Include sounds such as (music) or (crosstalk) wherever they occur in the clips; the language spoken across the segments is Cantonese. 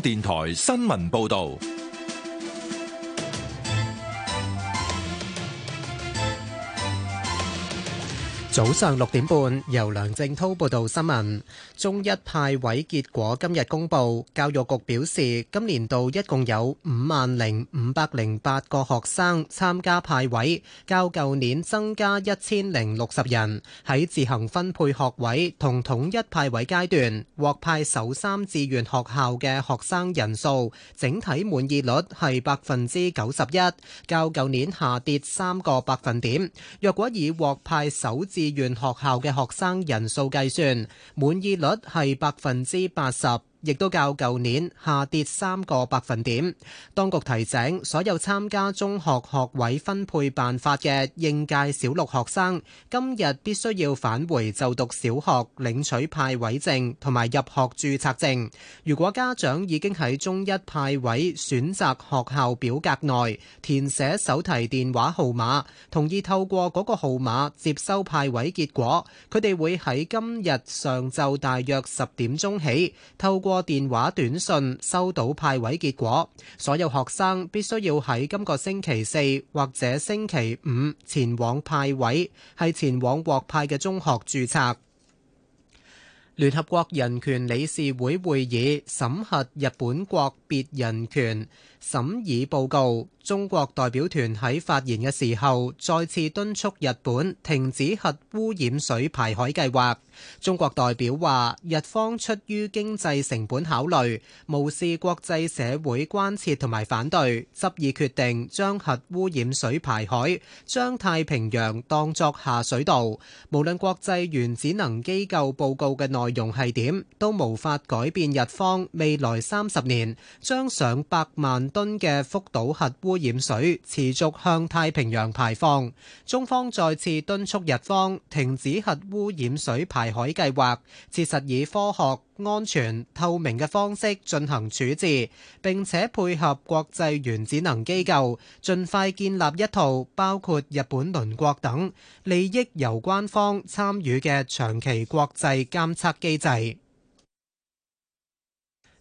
電台新聞報道。早上六點半，由梁正滔報道新聞。中一派位結果今日公布，教育局表示，今年度一共有五萬零五百零八個學生參加派位，較舊年增加一千零六十人。喺自行分配學位同統一派位階段，獲派首三志願學校嘅學生人數，整體滿意率係百分之九十一，較舊年下跌三個百分點。若果以獲派首志志願學校嘅學生人數計算，滿意率係百分之八十。亦都較舊年下跌三個百分點。當局提醒所有參加中學學位分配辦法嘅應屆小六學生，今日必須要返回就讀小學領取派位證同埋入學註冊證。如果家長已經喺中一派位選擇學校表格內填寫手提電話號碼，同意透過嗰個號碼接收派位結果，佢哋會喺今日上晝大約十點鐘起透過個電話、短信收到派位結果，所有學生必須要喺今個星期四或者星期五前往派位，係前往獲派嘅中學註冊。聯合國人權理事會會議審核日本國別人權。審議報告，中國代表團喺發言嘅時候，再次敦促日本停止核污染水排海計劃。中國代表話：日方出於經濟成本考慮，無視國際社會關切同埋反對，執意決定將核污染水排海，將太平洋當作下水道。無論國際原子能機構報告嘅內容係點，都無法改變日方未來三十年將上百萬噸嘅福島核污染水持續向太平洋排放，中方再次敦促日方停止核污染水排海計劃，切實以科學、安全、透明嘅方式進行處置，並且配合國際原子能機構，盡快建立一套包括日本鄰國等利益攸關方參與嘅長期國際監測機制。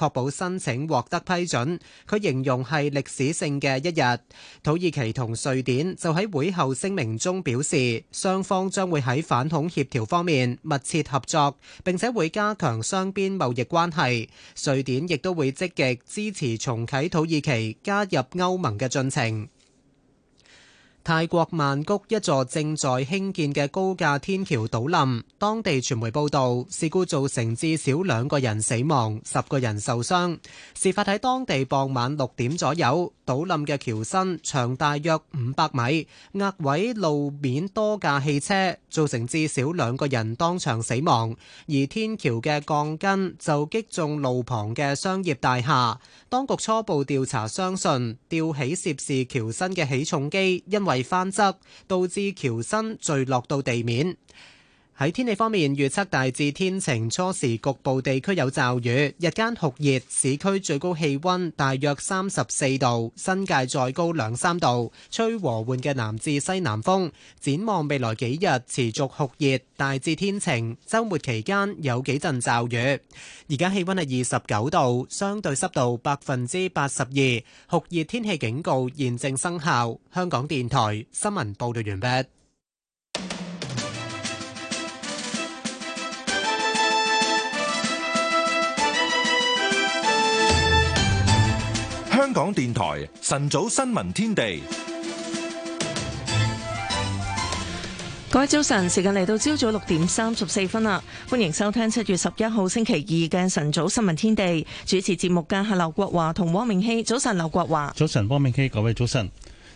確保申請獲得批准，佢形容係歷史性嘅一日。土耳其同瑞典就喺會後聲明中表示，雙方將會喺反恐協調方面密切合作，並且會加強雙邊貿易關係。瑞典亦都會積極支持重啟土耳其加入歐盟嘅進程。泰國曼谷一座正在興建嘅高架天橋倒冧，當地傳媒報道，事故造成至少兩個人死亡，十個人受傷。事發喺當地傍晚六點左右，倒冧嘅橋身長大約五百米，壓毀路面多架汽車，造成至少兩個人當場死亡。而天橋嘅鋼筋就擊中路旁嘅商業大廈。當局初步調查相信，吊起涉事橋身嘅起重機因為翻側，導致橋身墜落到地面。喺天氣方面預測，大致天晴，初時局部地區有驟雨，日間酷熱，市區最高氣溫大約三十四度，新界再高兩三度，吹和緩嘅南至西南風。展望未來幾日持續酷熱，大致天晴，週末期間有幾陣驟雨。而家氣溫係二十九度，相對濕度百分之八十二，酷熱天氣警告現正生效。香港電台新聞報道完畢。香港電台晨早新聞天地，各聞天地，各位早晨，時間嚟到朝早六點三十四分啦，歡迎收聽七月十一號星期二嘅晨早新聞天地，主持節目嘅係劉國華同汪明熙。早晨，劉國華，早晨，汪明熙。各位早晨。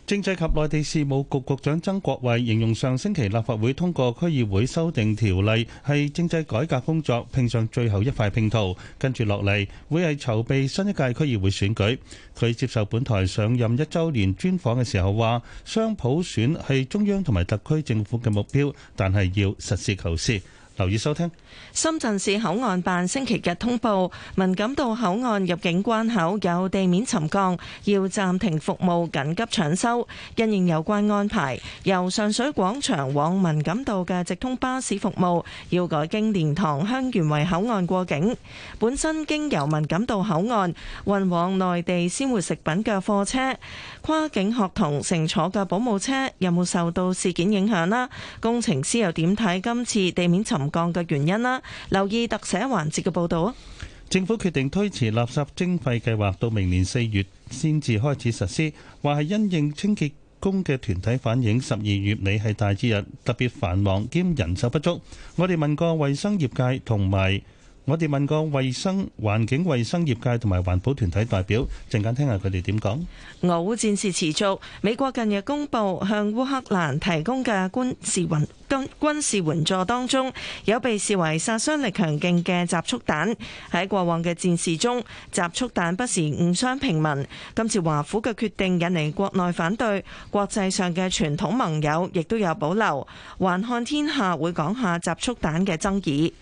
政制及內地事務局局長曾國衛形容上星期立法會通過區議會修訂條例係政制改革工作拼上最後一塊拼圖，跟住落嚟會係籌備新一屆區議會選舉。佢接受本台上任一週年專訪嘅時候話：雙普選係中央同埋特區政府嘅目標，但係要實事求是。留意收聽。深圳市口岸辦星期日通報，文錦渡口岸入境關口有地面沉降，要暫停服務，緊急搶修。因應有關安排，由上水廣場往文錦渡嘅直通巴士服務要改經蓮塘香園圍口岸過境。本身經由文錦渡口岸運往內地鮮活食品嘅貨車，跨境學童乘坐嘅保姆車有冇受到事件影響啦？工程師又點睇今次地面沉降嘅原因啦，留意特寫環節嘅報道啊！政府決定推遲垃圾徵費計劃到明年四月先至開始實施，話係因應清潔工嘅團體反映，十二月尾係大節日，特別繁忙兼人手不足。我哋問過衛生業界同埋。我哋問過衞生環境衞生業界同埋環保團體代表，陣間聽下佢哋點講。俄烏戰事持續，美國近日公布向烏克蘭提供嘅軍事援軍，軍事援助當中有被視為殺傷力強勁嘅集束彈。喺過往嘅戰事中，集束彈不時誤傷平民。今次華府嘅決定引嚟國內反對，國際上嘅傳統盟友亦都有保留。環看天下會講下集束彈嘅爭議。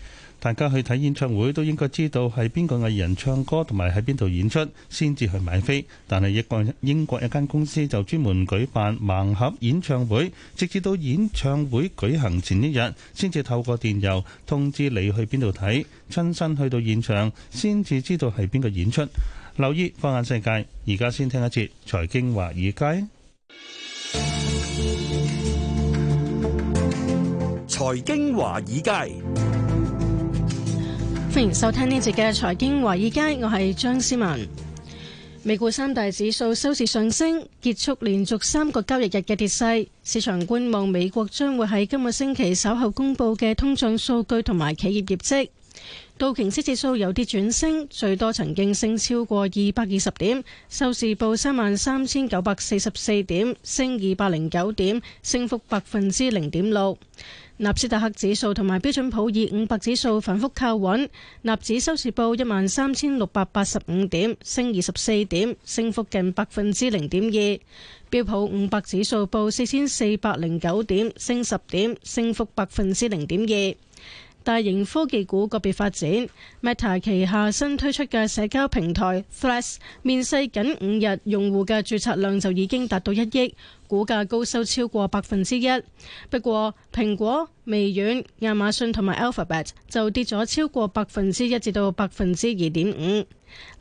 大家去睇演唱會都應該知道係邊個藝人唱歌同埋喺邊度演出先至去買飛，但係英國英國一間公司就專門舉辦盲盒演唱會，直至到演唱會舉行前一日先至透過電郵通知你去邊度睇，親身去到現場先至知道係邊個演出。留意放眼世界，而家先聽一節財經華爾街，財經華爾街。歡迎收聽呢節嘅財經華爾街，我係張思文。美股三大指數收市上升，結束連續三個交易日嘅跌勢。市場觀望美國將會喺今個星期稍後公布嘅通脹數據同埋企業業績。道瓊斯指數有啲轉升，最多曾經升超過二百二十點，收市報三萬三千九百四十四點，升二百零九點，升幅百分之零點六。納斯達克指數同埋標準普爾五百指數反覆靠穩，納指收市報一萬三千六百八十五點，升二十四點，升幅近百分之零點二。標普五百指數報四千四百零九點，升十點，升幅百分之零點二。大型科技股個別發展，Meta 旗下新推出嘅社交平台 Threads 面世僅五日，用戶嘅注冊量就已經達到一億。股價高收超過百分之一，不過蘋果、微軟、亞馬遜同埋 Alphabet 就跌咗超過百分之一至到百分之二點五。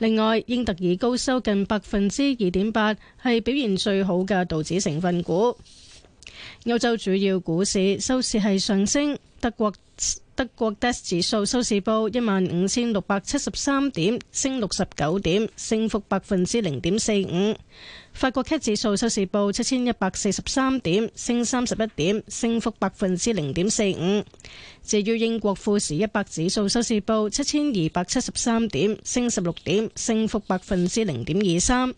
另外，英特爾高收近百分之二點八，係表現最好嘅道指成分股。歐洲主要股市收市係上升，德國。德國 DAX 指數收市報一萬五千六百七十三點，升六十九點，升幅百分之零點四五。法國 CAC 指數收市報七千一百四十三點，升三十一點，升幅百分之零點四五。至於英國富時一百指數收市報七千二百七十三點，升十六點，升幅百分之零點二三。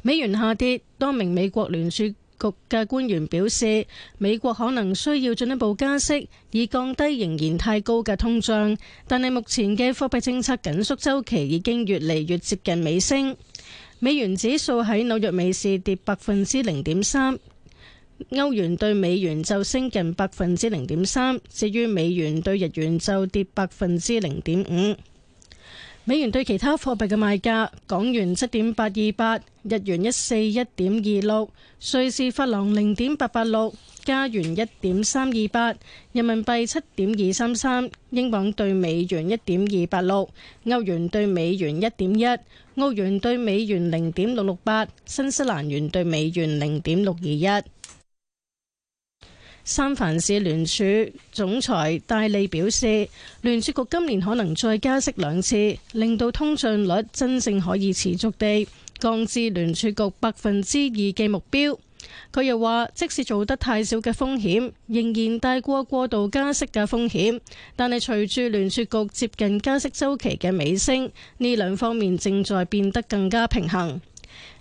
美元下跌，多名美國聯儲局嘅官員表示，美國可能需要進一步加息以降低仍然太高嘅通脹，但係目前嘅貨幣政策緊縮週期已經越嚟越接近尾聲，美元指數喺紐約美市跌百分之零點三，歐元兌美元就升近百分之零點三，至於美元兌日元就跌百分之零點五。美元對其他貨幣嘅賣價：港元七點八二八，日元一四一點二六，瑞士法郎零點八八六，加元一點三二八，人民幣七點二三三，英鎊對美元一點二八六，歐元對美元一點一，澳元對美元零點六六八，新西蘭元對美元零點六二一。三藩市聯儲總裁戴利表示，聯儲局今年可能再加息兩次，令到通脹率真正可以持續地降至聯儲局百分之二嘅目標。佢又話，即使做得太少嘅風險，仍然大過過度加息嘅風險，但係隨住聯儲局接近加息週期嘅尾聲，呢兩方面正在變得更加平衡。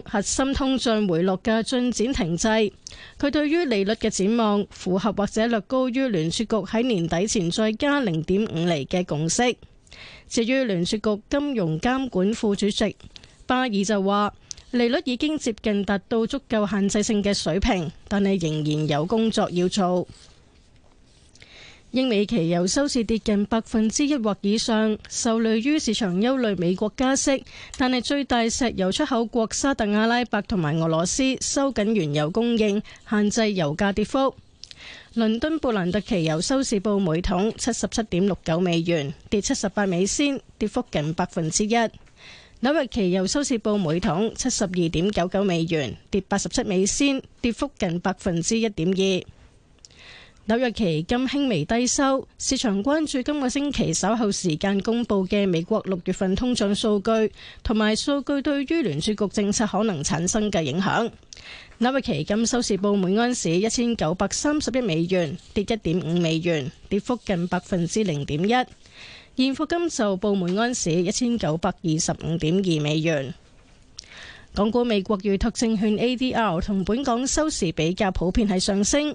核心通脹回落嘅進展停滯，佢對於利率嘅展望符合或者略高於聯儲局喺年底前再加零點五厘嘅共識。至於聯儲局金融監管副主席巴爾就話：利率已經接近達到足夠限制性嘅水平，但係仍然有工作要做。英美期油收市跌近百分之一或以上，受累於市場憂慮美國加息，但係最大石油出口國沙特阿拉伯同埋俄羅斯收緊原油供應限制油價跌幅。倫敦布蘭特期油收市報每桶七十七點六九美元，跌七十八美仙，跌幅近百分之一。紐約期油收市報每桶七十二點九九美元，跌八十七美仙，跌幅近百分之一點二。紐約期金輕微低收，市場關注今個星期稍後時間公布嘅美國六月份通脹數據，同埋數據對於聯儲局政策可能產生嘅影響。紐約期金收市報每盎司一千九百三十一美元，跌一點五美元，跌幅近百分之零點一。現貨金就報每盎司一千九百二十五點二美元。港股美國預託證券 A D R 同本港收市比較普遍係上升。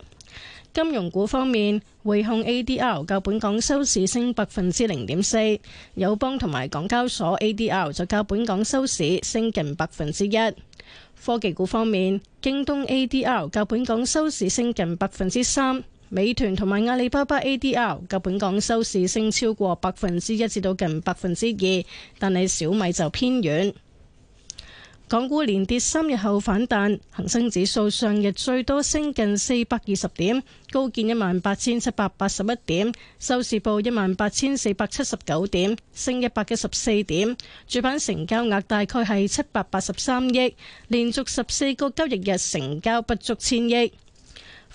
金融股方面，匯控 ADR 較本港收市升百分之零點四，友邦同埋港交所 ADR 就較本港收市升近百分之一。科技股方面，京東 ADR 較本港收市升近百分之三，美團同埋阿里巴巴 ADR 較本港收市升超過百分之一至到近百分之二，但係小米就偏遠。港股連跌三日後反彈，恒生指數上日最多升近四百二十點，高見一萬八千七百八十一點，收市報一萬八千四百七十九點，升一百一十四點。主板成交額大概係七百八十三億，連續十四個交易日成交不足千億。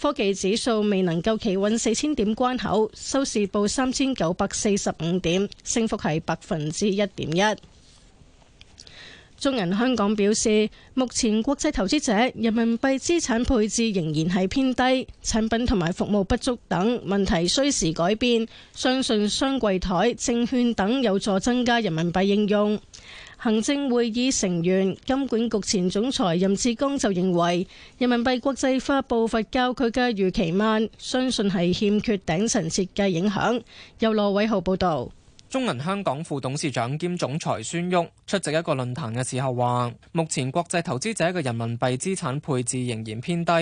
科技指數未能夠企穩四千點關口，收市報三千九百四十五點，升幅係百分之一點一。中銀香港表示，目前國際投資者人民幣資產配置仍然係偏低，產品同埋服務不足等問題需時改變。相信雙櫃台、證券等有助增加人民幣應用。行政會議成員、金管局前總裁任志剛就認為，人民幣國際化步伐較佢嘅預期慢，相信係欠缺頂層設計影響。由羅偉豪報道。中銀香港副董事長兼總裁孫煜出席一個論壇嘅時候話：目前國際投資者嘅人民幣資產配置仍然偏低，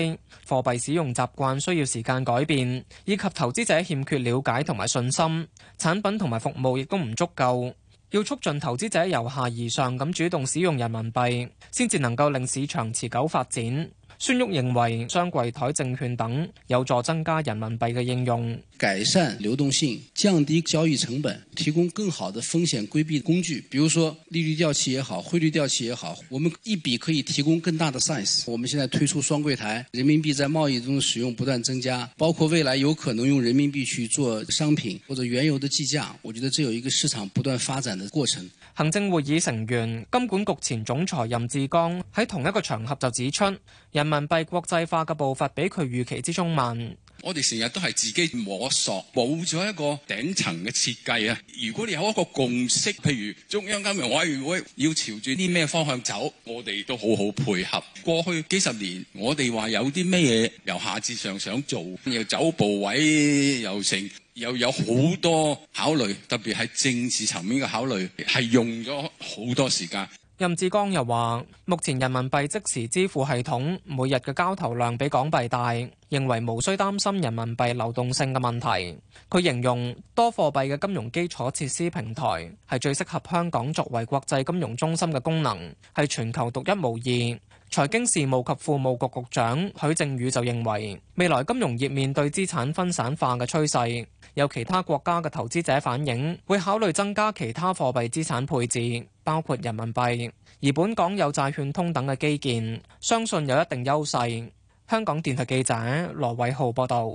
貨幣使用習慣需要時間改變，以及投資者欠缺了解同埋信心，產品同埋服務亦都唔足夠。要促進投資者由下而上咁主動使用人民幣，先至能夠令市場持久發展。孫旭認為，雙櫃台證券等有助增加人民幣嘅應用，改善流動性，降低交易成本，提供更好的風險規避工具，比如說利率掉期也好，匯率掉期也好，我們一筆可以提供更大的 size。我們現在推出雙櫃台，人民幣在貿易中使用不斷增加，包括未來有可能用人民幣去做商品或者原油的計價。我覺得這有一個市場不斷發展的過程。行政會議成員、金管局前總裁任志剛喺同一個場合就指出。人民幣國際化嘅步伐比佢預期之中慢。我哋成日都係自己摸索，冇咗一個頂層嘅設計啊！如果你有一個共識，譬如中央金融委員會要朝住啲咩方向走，我哋都好好配合。過去幾十年，我哋話有啲咩嘢由下至上想做，又走部位，又成，又有好多考慮，特別係政治層面嘅考慮，係用咗好多時間。任志剛又話，目前人民幣即時支付系統每日嘅交投量比港幣大，認為無需擔心人民幣流動性嘅問題。佢形容多貨幣嘅金融基礎設施平台係最適合香港作為國際金融中心嘅功能，係全球獨一無二。財經事務及庫務局局，局長許正宇就認為，未來金融業面對資產分散化嘅趨勢，有其他國家嘅投資者反映會考慮增加其他貨幣資產配置。包括人民幣，而本港有債券通等嘅基建，相信有一定優勢。香港電台記者羅偉浩報道。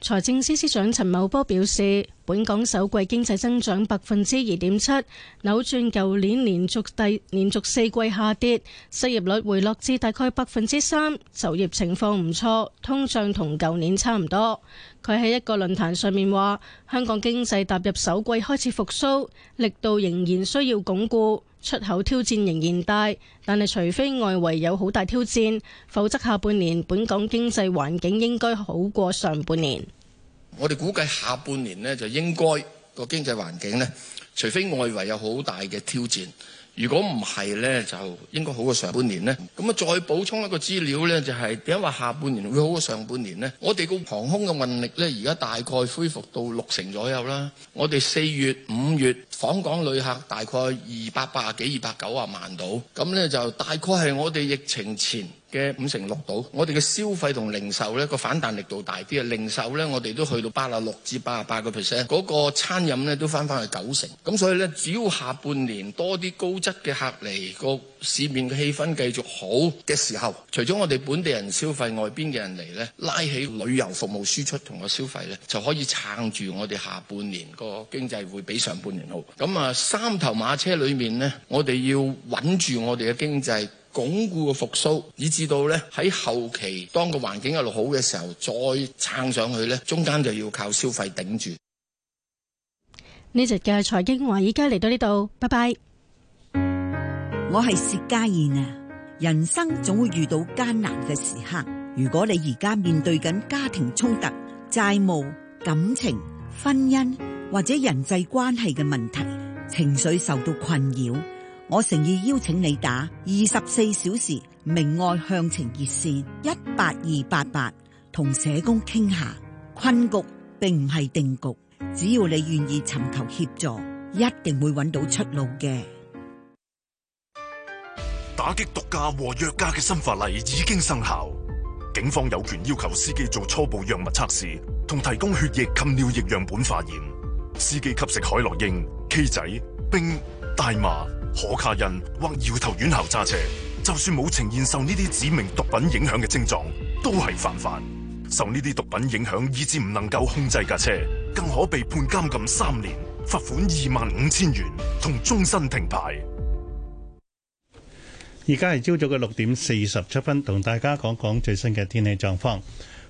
財政司司長陳茂波表示，本港首季經濟增長百分之二點七，扭轉舊年連續第連續四季下跌，失業率回落至大概百分之三，就業情況唔錯，通脹同舊年差唔多。佢喺一個論壇上面話，香港經濟踏入首季開始復蘇，力度仍然需要鞏固。出口挑戰仍然大，但係除非外圍有好大挑戰，否則下半年本港經濟環境應該好過上半年。我哋估計下半年呢，就應該個經濟環境呢，除非外圍有好大嘅挑戰。如果唔係呢，就應該好過上半年呢。咁啊，再補充一個資料呢，就係點解話下半年會好過上半年呢？我哋個航空嘅運力咧，而家大概恢復到六成左右啦。我哋四月、五月訪港旅客大概二百八啊幾、二百九啊萬度，咁咧就大概係我哋疫情前嘅五成六度，我哋嘅消費同零售咧，個反彈力度大啲啊！零售咧我哋都去到八啊六至八啊八個 percent，嗰個餐飲咧都翻返去九成。咁所以咧，只要下半年多啲高質嘅客嚟，個市面嘅氣氛繼續好嘅時候，除咗我哋本地人消費，外邊嘅人嚟咧拉起旅遊服務輸出同個消費咧，就可以撐住我哋下半年個經濟會比上半年好。咁啊，三頭馬車裏面呢，我哋要穩住我哋嘅經濟。鞏固嘅復甦，以至到咧喺後期，當個環境一路好嘅時候，再撐上去咧，中間就要靠消費頂住。呢隻嘅財經話，而家嚟到呢度，拜拜。我係薛家燕啊！人生總會遇到艱難嘅時刻，如果你而家面對緊家庭衝突、債務、感情、婚姻或者人際關係嘅問題，情緒受到困擾。我誠意邀請你打二十四小時明愛向晴熱線一八二八八，同社工傾下。困局並唔係定局。只要你願意尋求協助，一定會揾到出路嘅。打擊毒駕和藥駕嘅新法例已經生效，警方有權要求司機做初步藥物測試，同提供血液及尿液樣本化驗。司機吸食海洛因、K 仔、冰、大麻、可卡因或搖頭丸後揸車，就算冇呈現受呢啲指明毒品影響嘅症狀，都係犯法。受呢啲毒品影響，以至唔能夠控制架車，更可被判監禁三年，罰款二萬五千元同終身停牌。而家係朝早嘅六點四十七分，同大家講講最新嘅天氣狀況。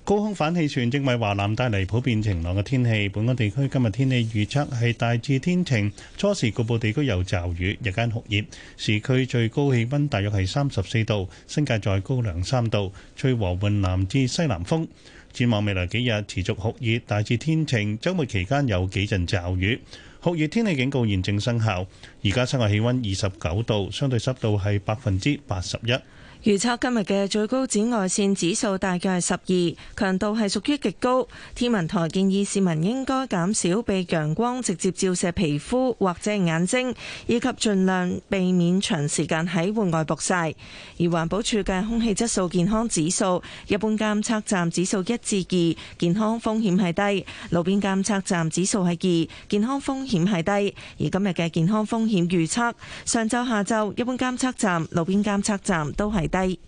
高空反氣旋正為華南帶嚟普遍晴朗嘅天氣，本港地區今日天，天氣預測係大致天晴，初時局部地區有驟雨，日間酷熱，市區最高氣溫大約係三十四度，新界再高兩三度，吹和緩南至西南風，展望未來幾日持續酷熱，大致天晴，週末期間有幾陣驟雨，酷熱天氣警告現正生效。而家室外氣溫二十九度，相對濕度係百分之八十一。預測今日嘅最高紫外線指數大概係十二，強度係屬於極高。天文台建議市民應該減少被陽光直接照射皮膚或者眼睛，以及盡量避免長時間喺戶外暴曬。而環保署嘅空氣質素健康指數，一般監測站指數一至二，健康風險係低；路邊監測站指數係二，健康風險係低。而今日嘅健康風險預測，上晝、下晝一般監測站、路邊監測站都係低。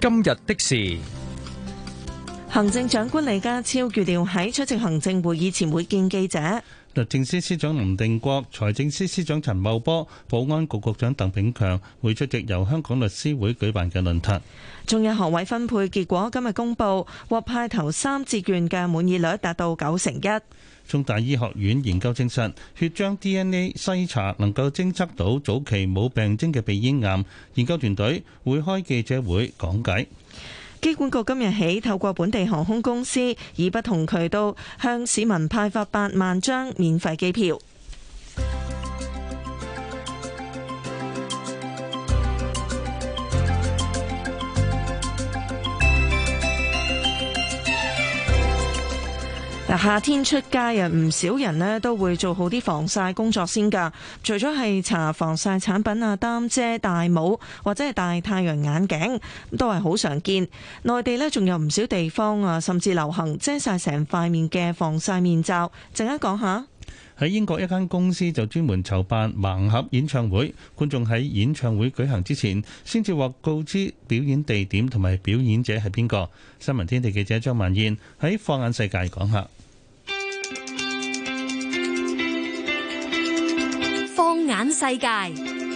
今日的事，行政長官李家超預料喺出席行政會議前會見記者。律政司司長林定國、財政司司長陳茂波、保安局局長鄧炳強會出席由香港律師會舉辦嘅論壇。仲有學位分配結果今日公布，獲派頭三志願嘅滿意率達到九成一。中大醫學院研究證實，血漿 DNA 篩查能夠偵測到早期冇病徵嘅鼻咽癌。研究團隊會開記者會講解。機管局今日起透過本地航空公司，以不同渠道向市民派發八萬張免費機票。嗱，夏天出街啊，唔少人呢都會做好啲防曬工作先噶。除咗係搽防曬產品啊，擔遮、戴帽、戴帽或者係戴太陽眼鏡都係好常見，內地呢仲有唔少地方啊，甚至流行遮晒成塊面嘅防曬面罩。陣間講下，喺英國一間公司就專門籌辦盲盒演唱會，觀眾喺演唱會舉行之前，先至獲告知表演地點同埋表演者係邊個，新聞天地記者張萬燕喺放眼世界講下。眼世界。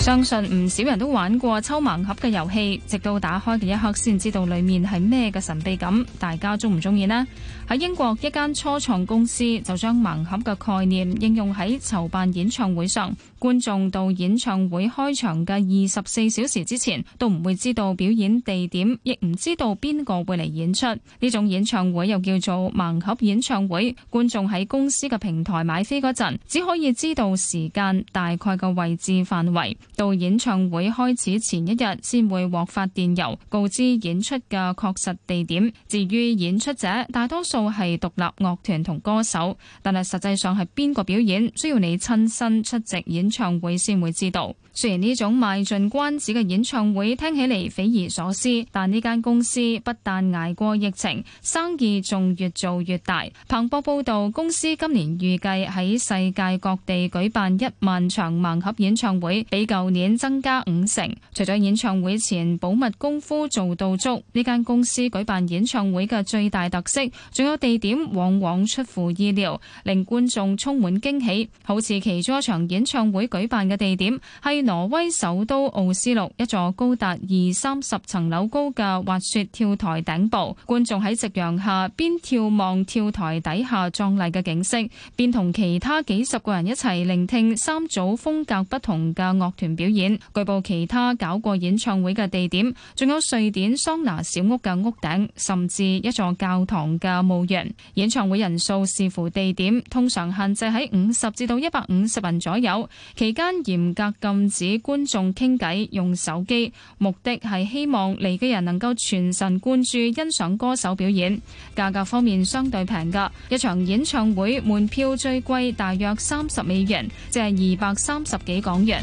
相信唔少人都玩過抽盲盒嘅遊戲，直到打開嘅一刻先知道裏面係咩嘅神秘感。大家中唔中意呢？喺英國一間初創公司就將盲盒嘅概念應用喺籌辦演唱會上，觀眾到演唱會開場嘅二十四小時之前都唔會知道表演地點，亦唔知道邊個會嚟演出。呢種演唱會又叫做盲盒演唱會。觀眾喺公司嘅平台買飛嗰陣，只可以知道時間、大概嘅位置範圍。到演唱會開始前一日，先會獲發電郵告知演出嘅確實地點。至於演出者，大多數係獨立樂團同歌手，但係實際上係邊個表演，需要你親身出席演唱會先會知道。雖然呢種賣盡關子嘅演唱會聽起嚟匪夷所思，但呢間公司不但捱過疫情，生意仲越做越大。彭博報道，公司今年預計喺世界各地舉辦一萬場盲盒演唱會，比舊年增加五成。除咗演唱會前保密功夫做到足，呢間公司舉辦演唱會嘅最大特色，仲有地點往往出乎意料，令觀眾充滿驚喜。好似其中一場演唱會舉辦嘅地點係挪威首都奧斯陸一座高達二三十層樓高嘅滑雪跳台頂部，觀眾喺夕陽下邊眺望跳台底下壯麗嘅景色，便同其他幾十個人一齊聆聽三組風格不同嘅樂團表演。據報其他搞過演唱會嘅地點，仲有瑞典桑拿小屋嘅屋頂，甚至一座教堂嘅墓園。演唱會人數視乎地點，通常限制喺五十至到一百五十人左右。期間嚴格禁。指觀眾傾偈用手機，目的係希望嚟嘅人能夠全神貫注欣賞歌手表演。價格方面相對平㗎，一場演唱會門票最貴大約三十美元，即係二百三十幾港元。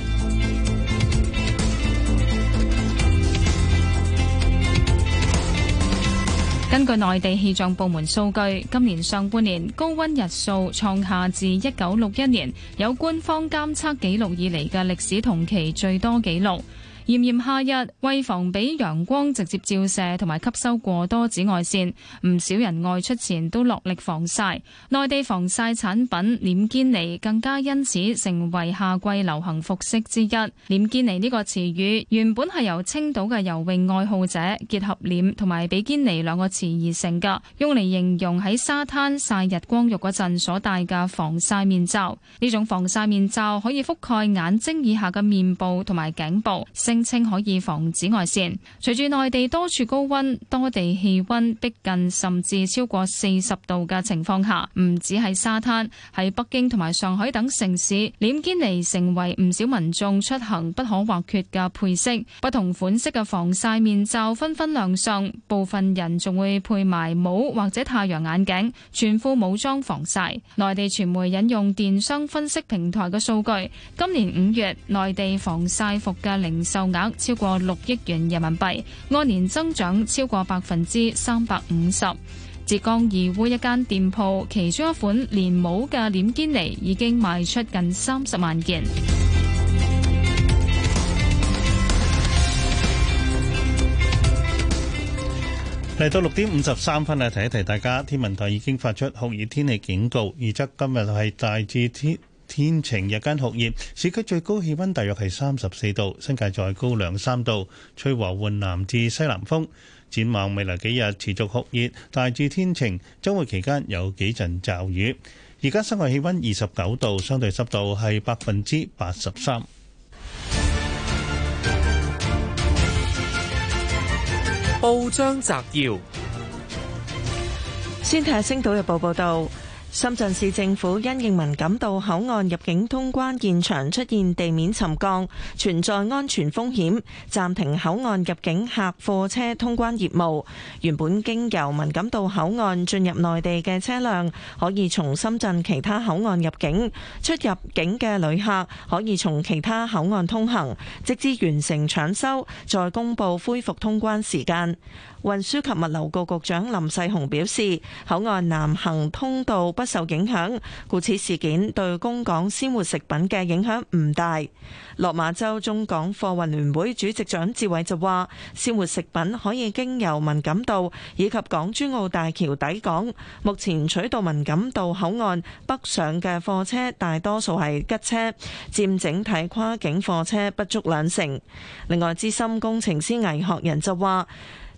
根據內地氣象部門數據，今年上半年高溫日數創下自一九六一年有官方監測記錄以嚟嘅歷史同期最多紀錄。炎炎夏日，為防俾陽光直接照射同埋吸收過多紫外線，唔少人外出前都落力防曬。內地防曬產品臉堅尼更加因此成為夏季流行服飾之一。臉堅尼呢個詞語原本係由青島嘅游泳愛好者結合臉同埋比堅尼兩個詞而成㗎，用嚟形容喺沙灘曬日光浴嗰陣所戴嘅防曬面罩。呢種防曬面罩可以覆蓋眼睛以下嘅面部同埋頸部。稱可以防紫外線。隨住內地多處高溫，多地氣溫逼近甚至超過四十度嘅情況下，唔止喺沙灘，喺北京同埋上海等城市，臉基尼成為唔少民眾出行不可或缺嘅配飾。不同款式嘅防曬面罩紛紛亮相，部分人仲會配埋帽或者太陽眼鏡，全副武裝防曬。內地傳媒引用電商分析平台嘅數據，今年五月內地防曬服嘅零售額超過六億元人民幣，按年增長超過百分之三百五十。浙江義烏一間店鋪，其中一款連帽嘅臉基尼已經賣出近三十萬件。嚟到六點五十三分啊，提一提大家，天文台已經發出酷熱天氣警告，預測今日係大致天。天晴日間酷熱，市區最高氣溫大約係三十四度，新界再高兩三度，吹和緩南至西南風。展望未來幾日持續酷熱，大致天晴，周末期間有幾陣驟雨。而家室外氣溫二十九度，相對濕度係百分之八十三。報章摘要，先睇下《星島日報》報道。深圳市政府因應文錦渡口岸入境通關現場出現地面沉降，存在安全風險，暫停口岸入境客貨車通關業務。原本經由文錦渡口岸進入內地嘅車輛可以從深圳其他口岸入境；出入境嘅旅客可以從其他口岸通行，直至完成搶修，再公布恢復通關時間。運輸及物流局局長林世雄表示，口岸南行通道不受影響，故此事件對供港鮮活食品嘅影響唔大。落馬洲中港貨運聯會主席蔣志偉就話，鮮活食品可以經由文錦渡以及港珠澳大橋抵港。目前取道文錦渡口岸北上嘅貨車，大多數係吉車，佔整體跨境貨車不足兩成。另外，資深工程師魏學人就話。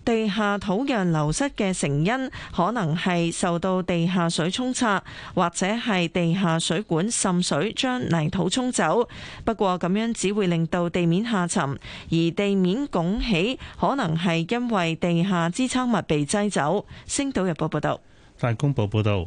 地下土壤流失嘅成因，可能係受到地下水沖刷，或者係地下水管滲水將泥土沖走。不過咁樣只會令到地面下沉，而地面拱起可能係因為地下支撐物被擠走。星島日報報道。大公報報道。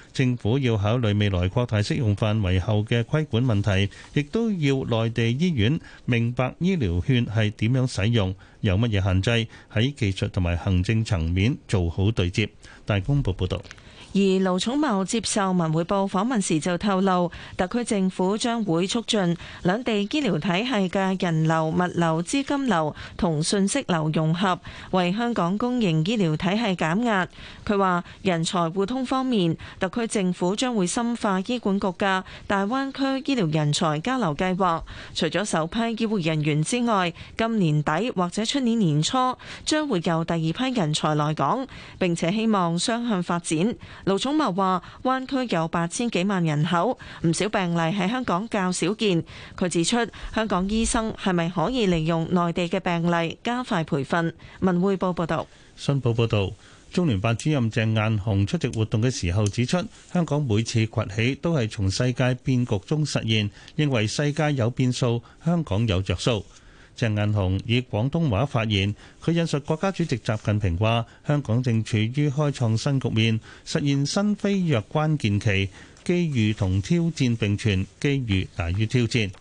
政府要考慮未來擴大適用範圍後嘅規管問題，亦都要內地醫院明白醫療券係點樣使用，有乜嘢限制，喺技術同埋行政層面做好對接。大公報報道。而盧寵茂接受文匯報訪問時就透露，特區政府將會促進兩地醫療體系嘅人流、物流、資金流同信息流融合，為香港公營醫療體系減壓，佢話人才互通方面，特區政府將會深化醫管局嘅大灣區醫療人才交流計劃，除咗首批醫護人員之外，今年底或者出年年初將會有第二批人才來港，並且希望雙向發展。盧寵茂話：灣區有八千幾萬人口，唔少病例喺香港較少見。佢指出，香港醫生係咪可以利用內地嘅病例加快培訓？文匯報報道。新報報道，中聯辦主任鄭雁雄出席活動嘅時候指出，香港每次崛起都係從世界變局中實現，認為世界有變數，香港有着數。鄭雁雄以廣東話發言，佢引述國家主席習近平話：香港正處於開創新局面、實現新飛躍關鍵期，機遇同挑戰並存，機遇大於挑戰。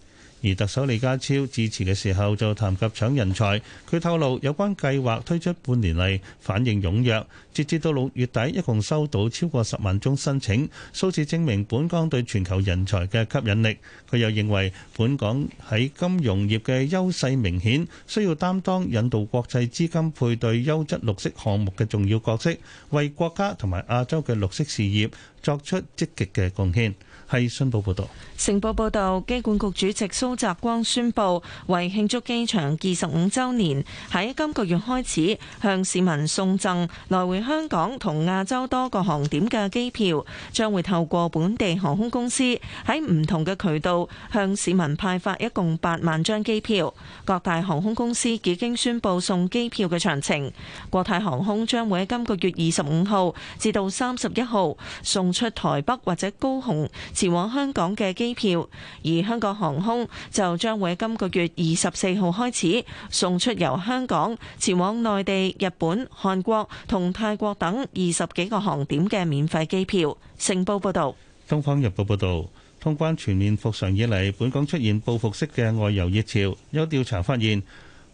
而特首李家超致辭嘅時候就談及搶人才，佢透露有關計劃推出半年嚟，反應踊躍，截至到六月底一共收到超過十萬宗申請，數字證明本港對全球人才嘅吸引力。佢又認為本港喺金融業嘅優勢明顯，需要擔當引導國際資金配對優質綠色項目嘅重要角色，為國家同埋亞洲嘅綠色事業作出積極嘅貢獻。係信報報道：晨報報導，機管局主席蘇澤光宣布，為慶祝機場二十五週年，喺今個月開始向市民送贈來回香港同亞洲多個航點嘅機票，將會透過本地航空公司喺唔同嘅渠道向市民派發，一共八萬張機票。各大航空公司已經宣布送機票嘅詳情。國泰航空將會喺今個月二十五號至到三十一號送出台北或者高雄前往香港嘅機票，而香港航空就將會今個月二十四號開始送出由香港前往內地、日本、韓國同泰國等二十幾個航點嘅免費機票。成報報道，《東方日報》報道，通關全面復常以嚟，本港出現報復式嘅外遊熱潮。有調查發現，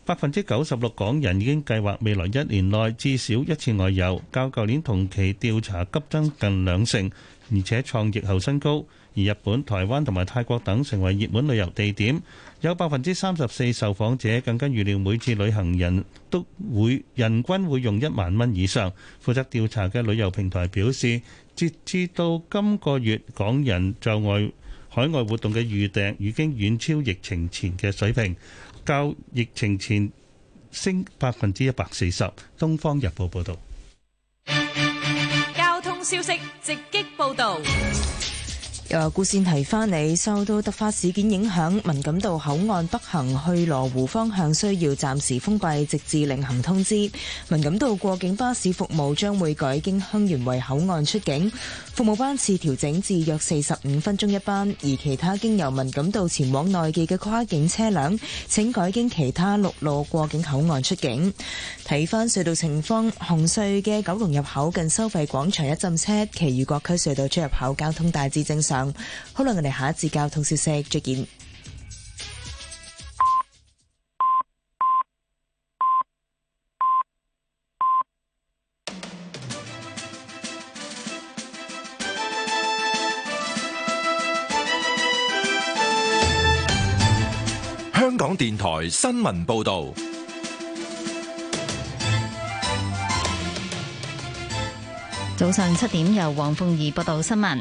百分之九十六港人已經計劃未來一年內至少一次外遊，較舊年同期調查急增近兩成。而且創疫後新高，而日本、台灣同埋泰國等成為熱門旅遊地點，有百分之三十四受訪者更加預料每次旅行人都會人均會用一萬蚊以上。負責調查嘅旅遊平台表示，截至到今個月，港人在外海外活動嘅預訂已經遠超疫情前嘅水平，較疫情前升百分之一百四十。《東方日報》報道。消息直擊報導。故古先提翻你，受到突發事件影響，文錦渡口岸北行去羅湖方向需要暫時封閉，直至另行通知。文錦渡過境巴士服務將會改經香園圍口岸出境，服務班次調整至約四十五分鐘一班，而其他經由文錦渡前往內地嘅跨境車輛，請改經其他陸路過境口岸出境。睇翻隧道情況，紅隧嘅九龍入口近收費廣場一浸車，其餘各區隧道出入口交通大致正常。好啦，我哋下一節交通消息，再見。香港電台新聞報道，早上七點，由黃鳳儀報道新聞。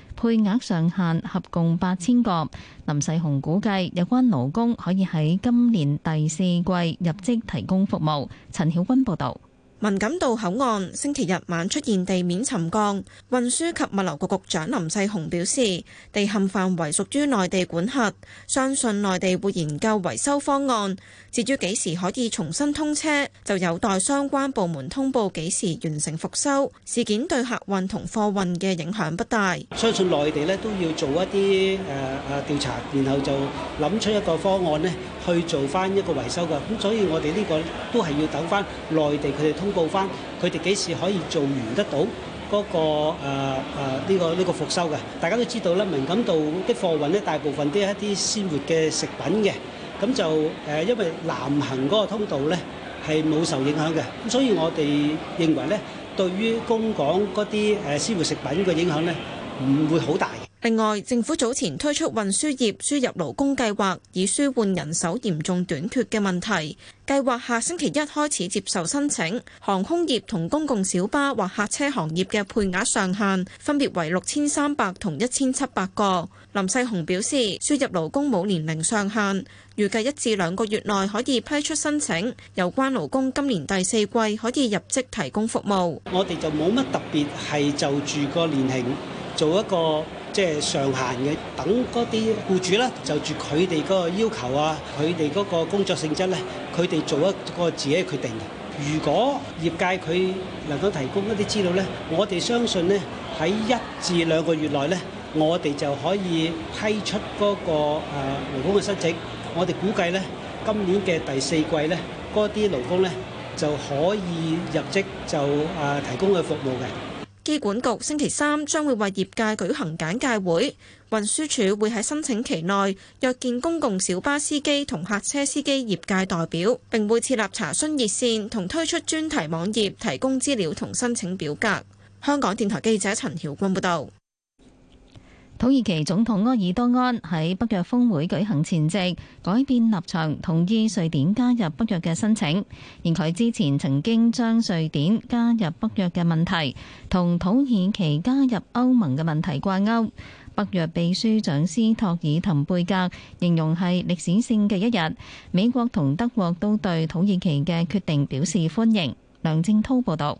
配額上限合共八千個，林世雄估計有關勞工可以喺今年第四季入職提供服務，陳曉君報道。文錦渡口岸星期日晚出現地面沉降，運輸及物流局局長林世雄表示，地陷範圍屬於內地管轄，相信內地會研究維修方案。至於幾時可以重新通車，就有待相關部門通報幾時完成復修。事件對客運同貨運嘅影響不大，相信內地咧都要做一啲誒誒調查，然後就諗出一個方案咧去做翻一個維修嘅。咁所以我哋呢個都係要等翻內地佢哋通報翻佢哋幾時可以做完得到嗰個誒誒呢個呢個復修嘅？大家都知道啦，敏感度啲貨運咧，大部分都係一啲鮮活嘅食品嘅，咁就誒，因為南行嗰個通道咧係冇受影響嘅，咁所以我哋認為咧，對於公港嗰啲誒鮮活食品嘅影響咧，唔會好大。另外，政府早前推出運輸業輸入勞工計劃，以舒緩人手嚴重短缺嘅問題，計劃下星期一開始接受申請，航空業同公共小巴或客車行業嘅配額上限分別為六千三百同一千七百個。林世雄表示，輸入勞工冇年齡上限，預計一至兩個月內可以批出申請，有關勞工今年第四季可以入職提供服務，我哋就冇乜特別係就住個年齡做一個。即係上限嘅，等嗰啲僱主咧，就住佢哋嗰個要求啊，佢哋嗰個工作性質咧，佢哋做一個自己嘅決定。如果業界佢能夠提供一啲資料咧，我哋相信咧喺一至兩個月內咧，我哋就可以批出嗰個誒勞工嘅申請。我哋估計咧，今年嘅第四季咧，嗰啲勞工咧就可以入職，就誒提供嘅服務嘅。機管局星期三將會為業界舉行簡介會，運輸署會喺申請期內約見公共小巴司機同客車司機業界代表，並會設立查詢熱線同推出專題網頁，提供資料同申請表格。香港電台記者陳曉君報道。土耳其總統埃爾多安喺北約峰會舉行前夕改變立場，同意瑞典加入北約嘅申請。而佢之前曾經將瑞典加入北約嘅問題同土耳其加入歐盟嘅問題掛鈎。北約秘書長斯托爾滕貝格形容係歷史性嘅一日。美國同德國都對土耳其嘅決定表示歡迎。梁正滔報道。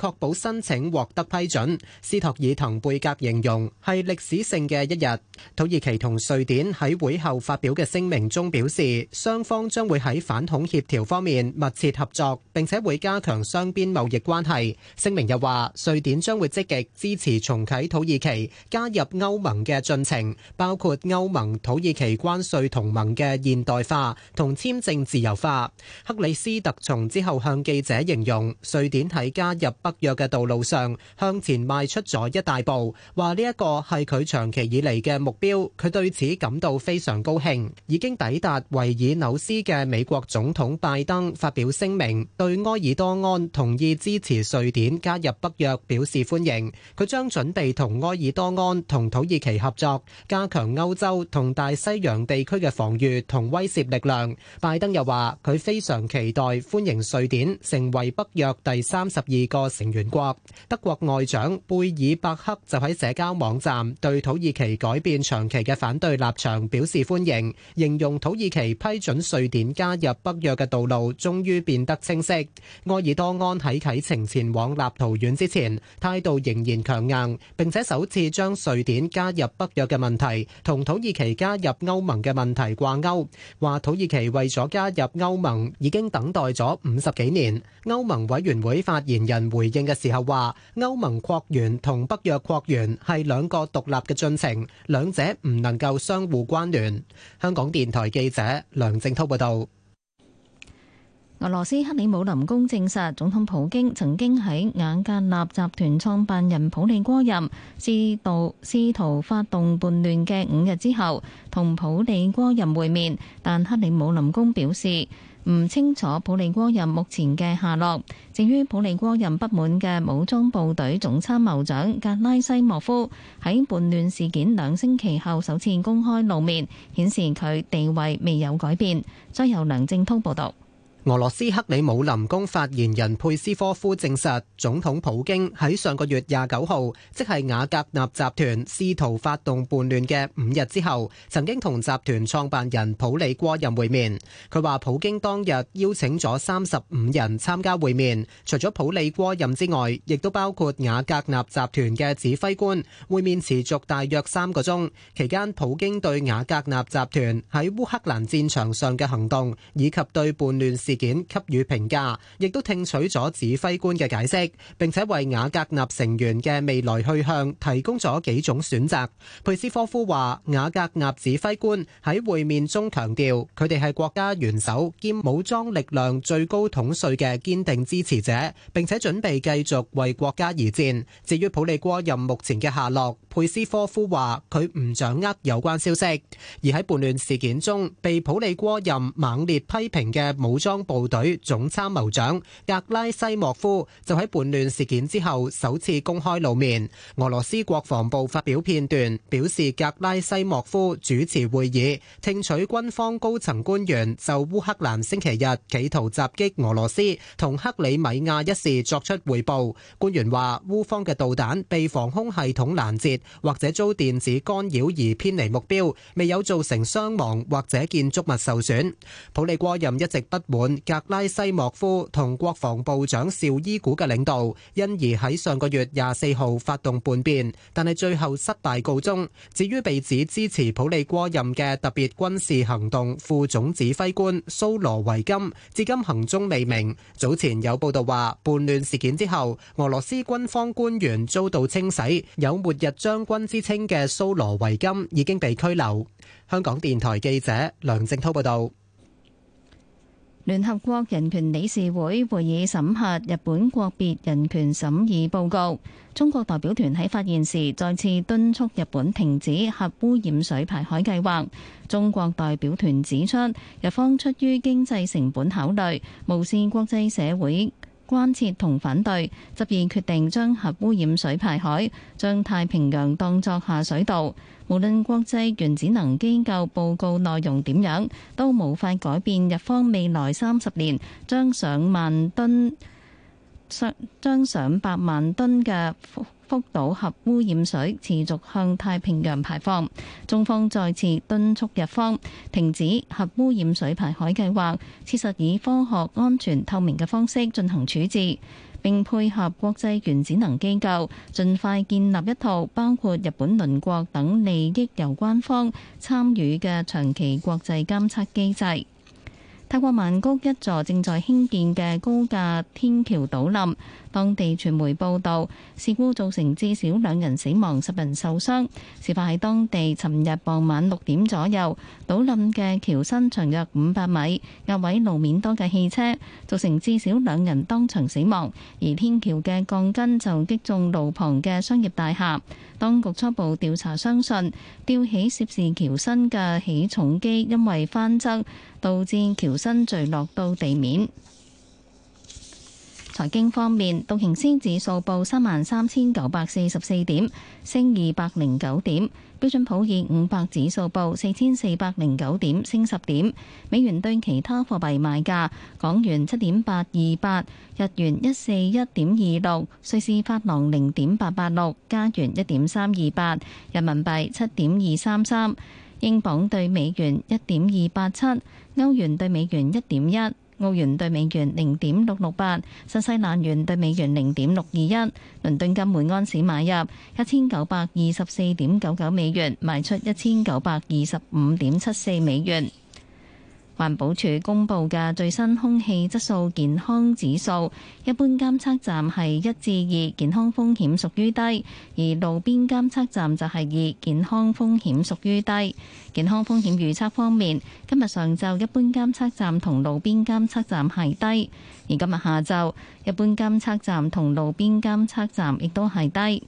確保申請獲得批准，斯托爾滕貝格形容係歷史性嘅一日。土耳其同瑞典喺會後發表嘅聲明中表示，雙方將會喺反恐協調方面密切合作，並且會加強雙邊貿易關係。聲明又話，瑞典將會積極支持重啟土耳其加入歐盟嘅進程，包括歐盟土耳其關稅同盟嘅現代化同簽證自由化。克里斯特松之後向記者形容，瑞典喺加入北北約嘅道路上向前邁出咗一大步，話呢一個係佢長期以嚟嘅目標，佢對此感到非常高興。已經抵達維爾紐斯嘅美國總統拜登發表聲明，對埃爾多安同意支持瑞典加入北約表示歡迎。佢將準備同埃爾多安同土耳其合作，加強歐洲同大西洋地區嘅防禦同威懾力量。拜登又話，佢非常期待歡迎瑞典成為北約第三十二個。成員國。德國外長貝爾伯克就喺社交網站對土耳其改變長期嘅反對立場表示歡迎，形容土耳其批准瑞典加入北約嘅道路終於變得清晰。愛爾多安喺啟程前往立陶宛之前，態度仍然強硬，並且首次將瑞典加入北約嘅問題同土耳其加入歐盟嘅問題掛鈎，話土耳其為咗加入歐盟已經等待咗五十幾年。歐盟委員會發言人回應嘅時候話，歐盟擴員同北約擴員係兩個獨立嘅進程，兩者唔能夠相互關聯。香港電台記者梁正濤報道。俄羅斯克里姆林宮證實，總統普京曾經喺瓦格納集團創辦人普利戈任試圖試圖發動叛亂嘅五日之後，同普利戈任會面，但克里姆林宮表示。唔清楚普利戈任目前嘅下落。至於普利戈任不滿嘅武裝部隊總參謀長格拉西莫夫喺叛亂事件兩星期後首次公開露面，顯示佢地位未有改變。再由梁正濤報道。俄羅斯克里姆林宮發言人佩斯科夫證實，總統普京喺上個月廿九號，即係瓦格納集團試圖發動叛亂嘅五日之後，曾經同集團創辦人普里戈任會面。佢話，普京當日邀請咗三十五人參加會面，除咗普里戈任之外，亦都包括瓦格納集團嘅指揮官。會面持續大約三個鐘，期間普京對瓦格納集團喺烏克蘭戰場上嘅行動以及對叛亂事件給予評價，亦都聽取咗指揮官嘅解釋，並且為瓦格納成員嘅未來去向提供咗幾種選擇。佩斯科夫話：瓦格納指揮官喺會面中強調，佢哋係國家元首兼武裝力量最高統帥嘅堅定支持者，並且準備繼續為國家而戰。至於普利戈任目前嘅下落，佩斯科夫話佢唔掌握有關消息。而喺叛亂事件中被普利戈任猛烈批評嘅武裝。部隊總參謀長格拉西莫夫就喺叛亂事件之後首次公開露面。俄羅斯國防部發表片段，表示格拉西莫夫主持會議，聽取軍方高層官員就烏克蘭星期日企圖襲擊俄羅斯同克里米亞一事作出匯報。官員話，烏方嘅導彈被防空系統攔截，或者遭電子干擾而偏離目標，未有造成傷亡或者建築物受損。普里戈任一直不滿。格拉西莫夫同國防部長紹伊古嘅領導，因而喺上個月廿四號發動叛變，但係最後失敗告終。至於被指支持普里戈任嘅特別軍事行動副總指揮官蘇羅維金，至今行蹤未明。早前有報道話，叛亂事件之後，俄羅斯軍方官員遭到清洗，有末日將軍之稱嘅蘇羅維金已經被拘留。香港電台記者梁正濤報道。聯合國人權理事會會議審核日本國別人權審議報告，中國代表團喺發言時再次敦促日本停止核污染水排海計劃，中國代表團指出，日方出於經濟成本考慮，無視國際社會關切同反對，執意決定將核污染水排海，將太平洋當作下水道。無論國際原子能機構報告內容點樣，都無法改變日方未來三十年將上萬噸、將將上百萬噸嘅福島核污染水持續向太平洋排放。中方再次敦促日方停止核污染水排海計劃，切實以科學、安全、透明嘅方式進行處置。並配合國際原子能機構，盡快建立一套包括日本鄰國等利益攸關方參與嘅長期國際監測機制。泰國曼谷一座正在興建嘅高架天橋倒冧。當地傳媒報道，事故造成至少兩人死亡，十人受傷。事發喺當地尋日傍晚六點左右，倒冧嘅橋身長約五百米，壓毀路面多嘅汽車，造成至少兩人當場死亡。而天橋嘅鋼筋就擊中路旁嘅商業大廈。當局初步調查相信，吊起涉事橋身嘅起重機因為翻側，導致橋身墜落到地面。財經方面，道瓊斯指數報三萬三千九百四十四點，升二百零九點；標準普爾五百指數報四千四百零九點，升十點。美元對其他貨幣賣價：港元七點八二八，日元一四一點二六，瑞士法郎零點八八六，加元一點三二八，人民幣七點二三三，英鎊對美元一點二八七，歐元對美元一點一。澳元兌美元零點六六八，新西蘭元兌美元零點六二一，倫敦金每盎司買入一千九百二十四點九九美元，賣出一千九百二十五點七四美元。環保署公布嘅最新空氣質素健康指數。一般監測站係一至二，健康風險屬於低；而路邊監測站就係二，健康風險屬於低。健康風險預測方面，今日上晝一般監測站同路邊監測站係低，而今日下晝一般監測站同路邊監測站亦都係低。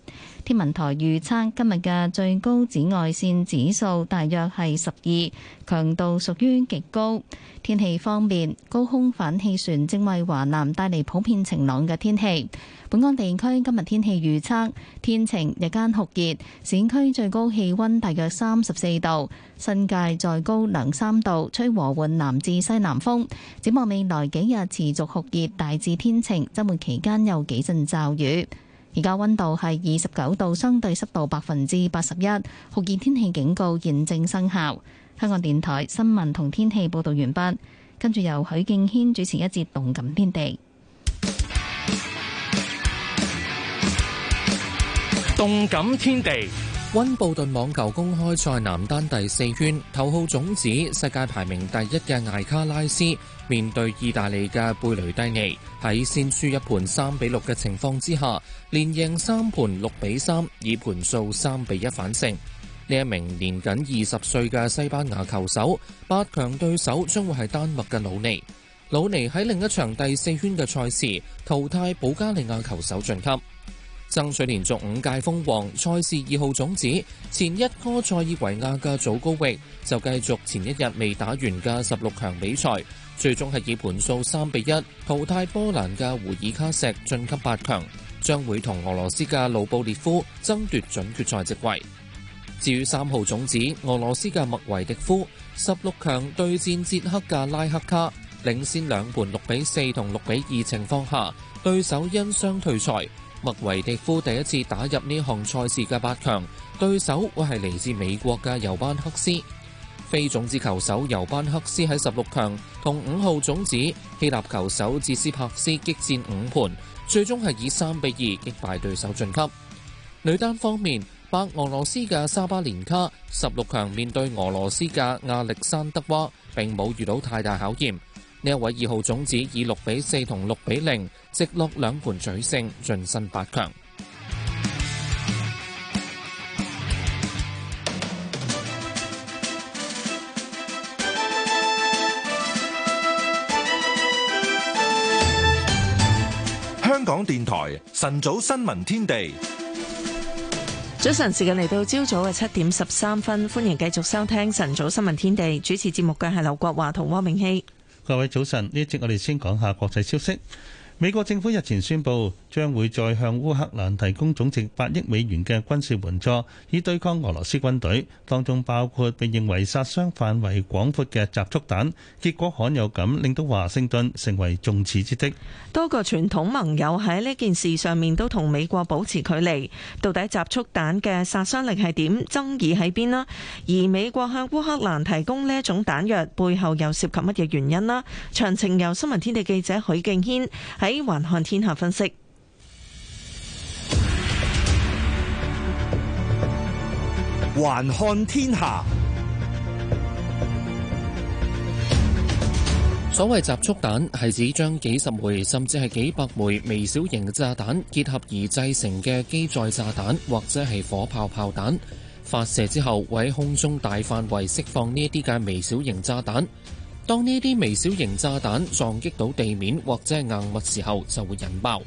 天文台預測今日嘅最高紫外線指數大約係十二，強度屬於極高。天氣方面，高空反氣旋正為華南帶嚟普遍晴朗嘅天氣。本港地區今日天氣預測天晴，日間酷熱，市區最高氣溫大約三十四度，新界再高兩三度，吹和緩南至西南風。展望未來幾日持續酷熱，大致天晴，週末期間有幾陣驟雨。而家溫度係二十九度，相對濕度百分之八十一，酷熱天氣警告現正生效。香港電台新聞同天氣報道完畢，跟住由許敬軒主持一節《動感天地》。《動感天地》，溫 (music) 布頓網球公開賽男單第四圈，頭號種子、世界排名第一嘅艾卡拉斯面對意大利嘅貝雷蒂尼，喺先輸一盤三比六嘅情況之下，連贏三盤六比三，以盤數三比一反勝。呢一名年僅二十歲嘅西班牙球手八強對手將會係丹麥嘅魯尼。魯尼喺另一場第四圈嘅賽事淘汰保加利亞球手晉級，爭取連續五屆封王。賽事二號種子前一哥塞爾維亞嘅祖高域就繼續前一日未打完嘅十六強比賽，最終係以盤數三比一淘汰波蘭嘅胡爾卡石晉級八強，將會同俄羅斯嘅魯布列夫爭奪準決賽席位。至於三號種子俄羅斯嘅麥維迪夫十六強對戰捷克嘅拉克卡，領先兩盤六比四同六比二情況下，對手因傷退賽。麥維迪夫第一次打入呢項賽事嘅八強，對手會係嚟自美國嘅尤班克斯。非種子球手尤班克斯喺十六強同五號種子希臘球手茲斯帕斯激戰五盤，最終係以三比二擊敗對手晉級。女單方面。白俄羅斯嘅沙巴連卡十六強面對俄羅斯嘅亞歷山德娃，並冇遇到太大考驗。呢一位二號種子以六比四同六比零，直落兩盤取勝，晉身八強。香港電台晨早新聞天地。早晨，時間嚟到朝早嘅七點十三分，歡迎繼續收聽晨早新聞天地。主持節目嘅係劉國華同汪明熙。各位早晨，呢一節我哋先講下國際消息。美國政府日前宣布，將會再向烏克蘭提供總值八億美元嘅軍事援助，以對抗俄羅斯軍隊。當中包括被認為殺傷範圍廣闊嘅集束彈，結果罕有咁令到華盛頓成為眾矢之的。多個傳統盟友喺呢件事上面都同美國保持距離。到底集束彈嘅殺傷力係點？爭議喺邊呢？而美國向烏克蘭提供呢種彈藥，背後又涉及乜嘢原因呢？詳情由新聞天地記者許敬軒。喺環看天下分析，環看天下。所謂集束彈，係指將幾十枚甚至係幾百枚微小型炸彈結合而製成嘅機載炸彈或者係火炮炮彈，發射之後會喺空中大範圍釋放呢一啲嘅微小型炸彈。當呢啲微小型炸彈撞擊到地面或者係硬物時候就會引爆。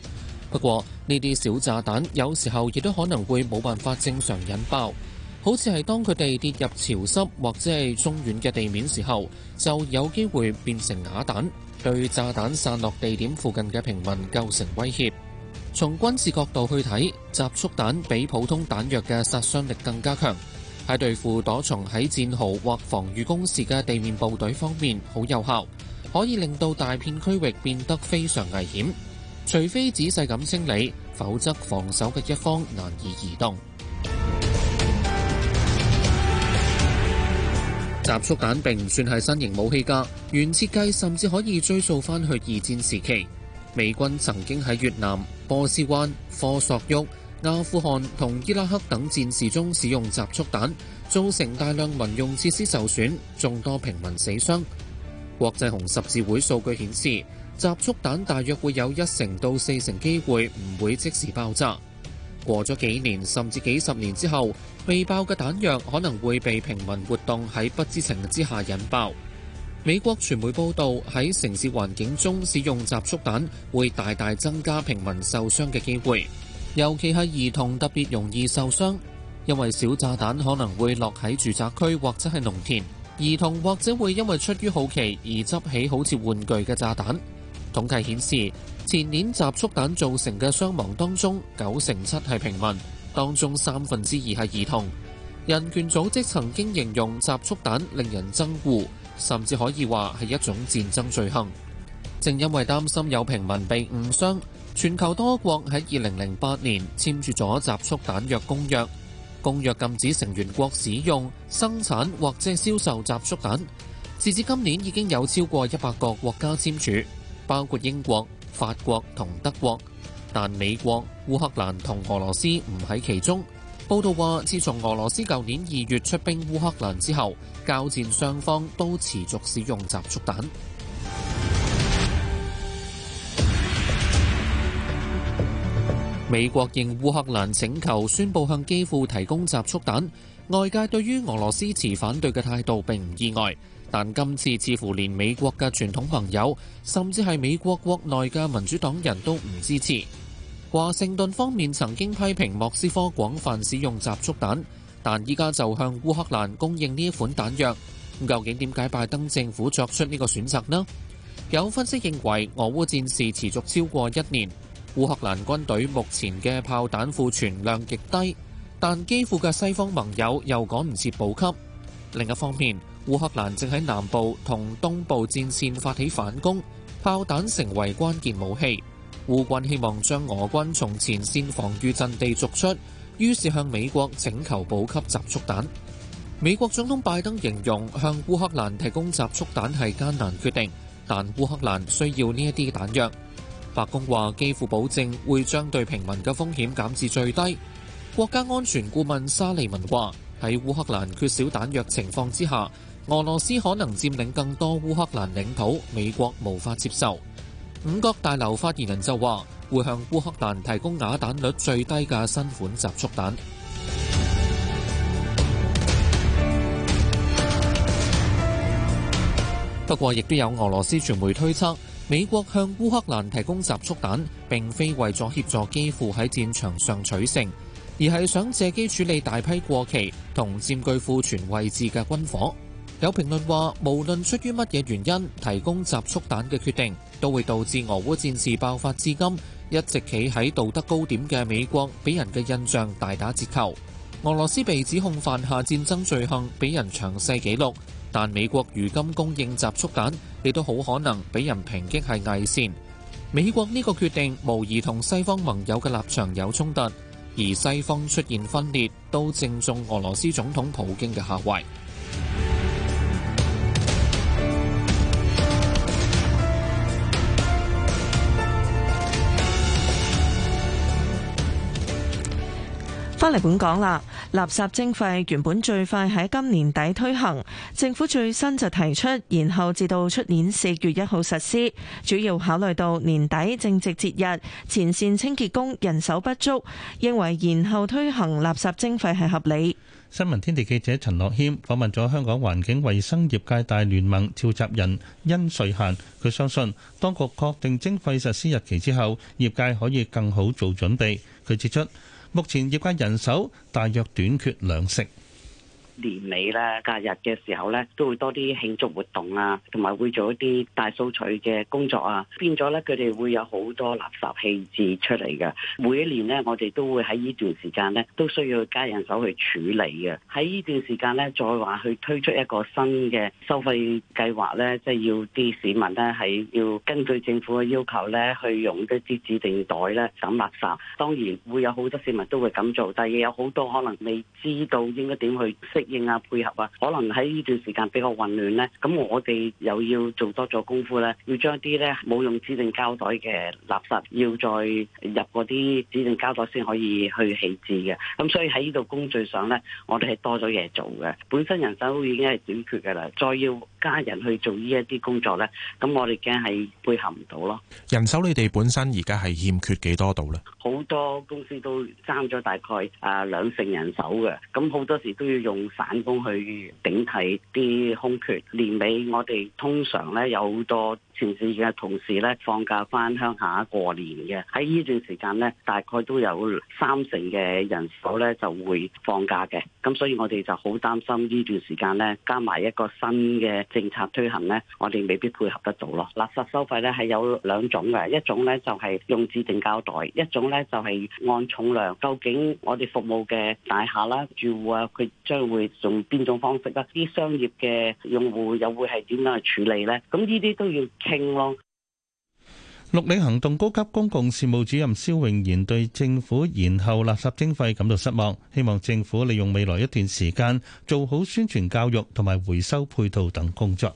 不過呢啲小炸彈有時候亦都可能會冇辦法正常引爆，好似係當佢哋跌入潮濕或者係鬆軟嘅地面時候，就有機會變成啞彈，對炸彈散落地點附近嘅平民構成威脅。從軍事角度去睇，集束彈比普通彈藥嘅殺傷力更加強。喺對付躲藏喺戰壕或防禦工事嘅地面部隊方面好有效，可以令到大片區域變得非常危險，除非仔細咁清理，否則防守嘅一方難以移動。集束彈並唔算係新型武器㗎，原設計甚至可以追溯翻去二戰時期，美軍曾經喺越南、波斯灣、科索沃。阿富汗同伊拉克等戰事中使用集束彈，造成大量民用設施受損，眾多平民死傷。國際紅十字會數據顯示，集束彈大約會有一成到四成機會唔會即時爆炸。過咗幾年甚至幾十年之後，未爆嘅彈藥可能會被平民活動喺不知情之下引爆。美國傳媒報道，喺城市環境中使用集束彈，會大大增加平民受傷嘅機會。尤其係兒童特別容易受傷，因為小炸彈可能會落喺住宅區或者係農田，兒童或者會因為出於好奇而執起好似玩具嘅炸彈。統計顯示，前年集束彈造成嘅傷亡當中，九成七係平民，當中三分之二係兒童。人權組織曾經形容集束彈令人憎惡，甚至可以話係一種戰爭罪行。正因為擔心有平民被誤傷，全球多國喺二零零八年簽署咗集束彈藥公約，公約禁止成員國使用、生產或者銷售集束彈。截至今年已經有超過一百個國家簽署，包括英國、法國同德國，但美國、烏克蘭同俄羅斯唔喺其中。報道話，自從俄羅斯舊年二月出兵烏克蘭之後，交戰雙方都持續使用集束彈。美國應烏克蘭請求宣布向基輔提供集束彈，外界對於俄羅斯持反對嘅態度並唔意外，但今次似乎連美國嘅傳統朋友，甚至係美國國內嘅民主黨人都唔支持。華盛頓方面曾經批評莫斯科廣泛使用集束彈，但依家就向烏克蘭供應呢一款彈藥。究竟點解拜登政府作出呢個選擇呢？有分析認為，俄烏戰事持續超過一年。烏克蘭軍隊目前嘅炮彈庫存量極低，但基輔嘅西方盟友又趕唔切補給。另一方面，烏克蘭正喺南部同東部戰線發起反攻，炮彈成為關鍵武器。烏軍希望將俄軍從前線防禦陣地逐出，於是向美國請求補給集束彈。美國總統拜登形容，向烏克蘭提供集束彈係艱難決定，但烏克蘭需要呢一啲彈藥。白宮話幾乎保證會將對平民嘅風險減至最低。國家安全顧問沙利文話，喺烏克蘭缺少彈藥情況之下，俄羅斯可能佔領更多烏克蘭領土，美國無法接受。五角大樓發言人就話，會向烏克蘭提供啞彈率最低嘅新款集束彈。不過，亦都有俄羅斯傳媒推測。美國向烏克蘭提供集束彈，並非為咗協助基輔喺戰場上取勝，而係想借機處理大批過期同佔據庫存位置嘅軍火。有評論話，無論出於乜嘢原因，提供集束彈嘅決定都會導致俄烏戰事爆發至今一直企喺道德高點嘅美國，俾人嘅印象大打折扣。俄羅斯被指控犯下戰爭罪行，俾人詳細記錄。但美國如今供應集束彈，亦都好可能俾人抨擊係偽善。美國呢個決定，無疑同西方盟友嘅立場有衝突，而西方出現分裂，都正中俄羅斯總統普京嘅下懷。翻嚟本港啦！垃圾徵費原本最快喺今年底推行，政府最新就提出延後至到出年四月一號實施，主要考慮到年底正值節日，前線清潔工人手不足，認為延後推行垃圾徵費係合理。新聞天地記者陳樂軒訪問咗香港環境衞生業界大聯盟召集人殷瑞賢，佢相信當局確定徵費實施日期之後，業界可以更好做準備。佢指出，目前業界人手大約短缺兩成。年尾咧、假日嘅時候咧，都會多啲慶祝活動啊，同埋會做一啲大掃除嘅工作啊，變咗咧，佢哋會有好多垃圾棄置出嚟嘅。每一年咧，我哋都會喺呢段時間咧，都需要加人手去處理嘅。喺呢段時間咧，再話去推出一個新嘅收費計劃咧，即係要啲市民咧係要根據政府嘅要求咧，去用一啲指定袋咧抌垃圾。當然會有好多市民都會咁做，但係亦有好多可能未知道應該點去識。應啊配合啊，可能喺呢段時間比較混亂咧。咁我哋又要做多咗功夫咧，要將啲咧冇用指定膠袋嘅垃圾，要再入嗰啲指定膠袋先可以去棄置嘅。咁所以喺呢度工序上咧，我哋係多咗嘢做嘅。本身人手已經係短缺嘅啦，再要加人去做呢一啲工作咧，咁我哋梗係配合唔到咯。人手你哋本身而家係欠缺幾多度咧？好多公司都爭咗大概啊兩成人手嘅，咁好多時都要用。返工去頂替啲空缺，年尾我哋通常咧有好多城市嘅同事咧放假翻鄉下過年嘅，喺呢段時間咧大概都有三成嘅人數咧就會放假嘅，咁所以我哋就好擔心呢段時間咧加埋一個新嘅政策推行咧，我哋未必配合得到咯。垃圾收費咧係有兩種嘅，一種咧就係用指定膠袋，一種咧就係按重量。究竟我哋服務嘅大廈啦、住戶啊，佢將會用邊種方式啦？啲商業嘅用戶又會係點樣去處理咧？咁呢啲都要。清咯！綠領行動高級公共事務主任肖穎賢對政府延後垃圾徵費感到失望，希望政府利用未來一段時間做好宣傳教育同埋回收配套等工作。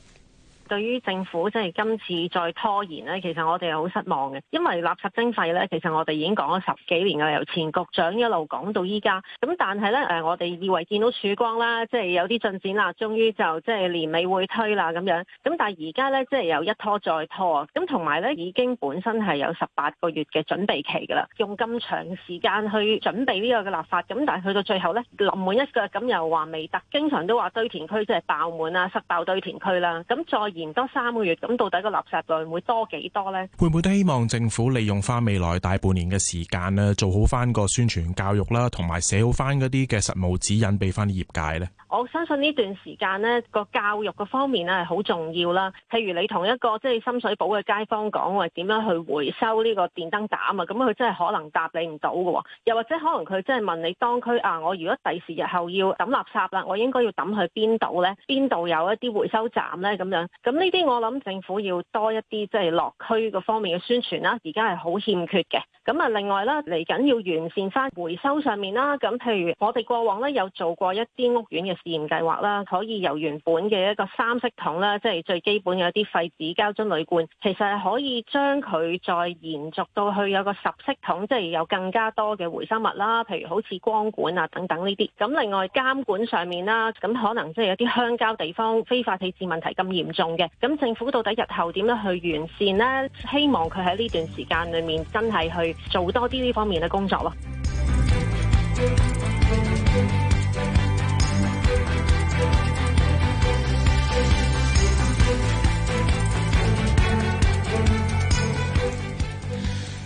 對於政府即係今次再拖延呢，其實我哋係好失望嘅，因為垃圾徵費呢，其實我哋已經講咗十幾年嘅，由前局長一路講到依家。咁但係呢，誒我哋以為見到曙光啦，即係有啲進展啦，終於就即係年尾會推啦咁樣。咁但係而家呢，即係又一拖再拖啊。咁同埋呢，已經本身係有十八個月嘅準備期㗎啦，用咁長時間去準備呢個嘅立法。咁但係去到最後呢，臨門一腳咁又話未得，經常都話堆填區即係爆滿啊，塞爆堆填區啦。咁再，延多三個月，咁到底個垃圾量會多幾多呢？會唔會都希望政府利用翻未來大半年嘅時間呢，做好翻個宣傳教育啦，同埋寫好翻嗰啲嘅實務指引俾翻啲業界呢？我相信呢段時間呢個教育嘅方面呢係好重要啦。譬如你同一個即係深水埗嘅街坊講話點樣去回收呢個電燈膽啊，咁佢真係可能答你唔到㗎。又或者可能佢真係問你當區啊，我如果第時日後要抌垃圾啦，我應該要抌去邊度呢？邊度有一啲回收站呢？咁樣。咁呢啲我諗政府要多一啲，即係落區個方面嘅宣傳啦，而家係好欠缺嘅。咁啊，另外啦，嚟緊要完善翻回收上面啦。咁譬如我哋過往咧有做過一啲屋苑嘅試驗計劃啦，可以由原本嘅一個三色桶啦，即係最基本嘅一啲廢紙膠樽鋁罐，其實係可以將佢再延續到去有個十色桶，即係有更加多嘅回收物啦。譬如好似光管啊等等呢啲。咁另外監管上面啦，咁可能即係有啲鄉郊地方非法棄置問題咁嚴重嘅，咁政府到底日後點樣去完善咧？希望佢喺呢段時間裏面真係去。做多啲呢方面嘅工作咯。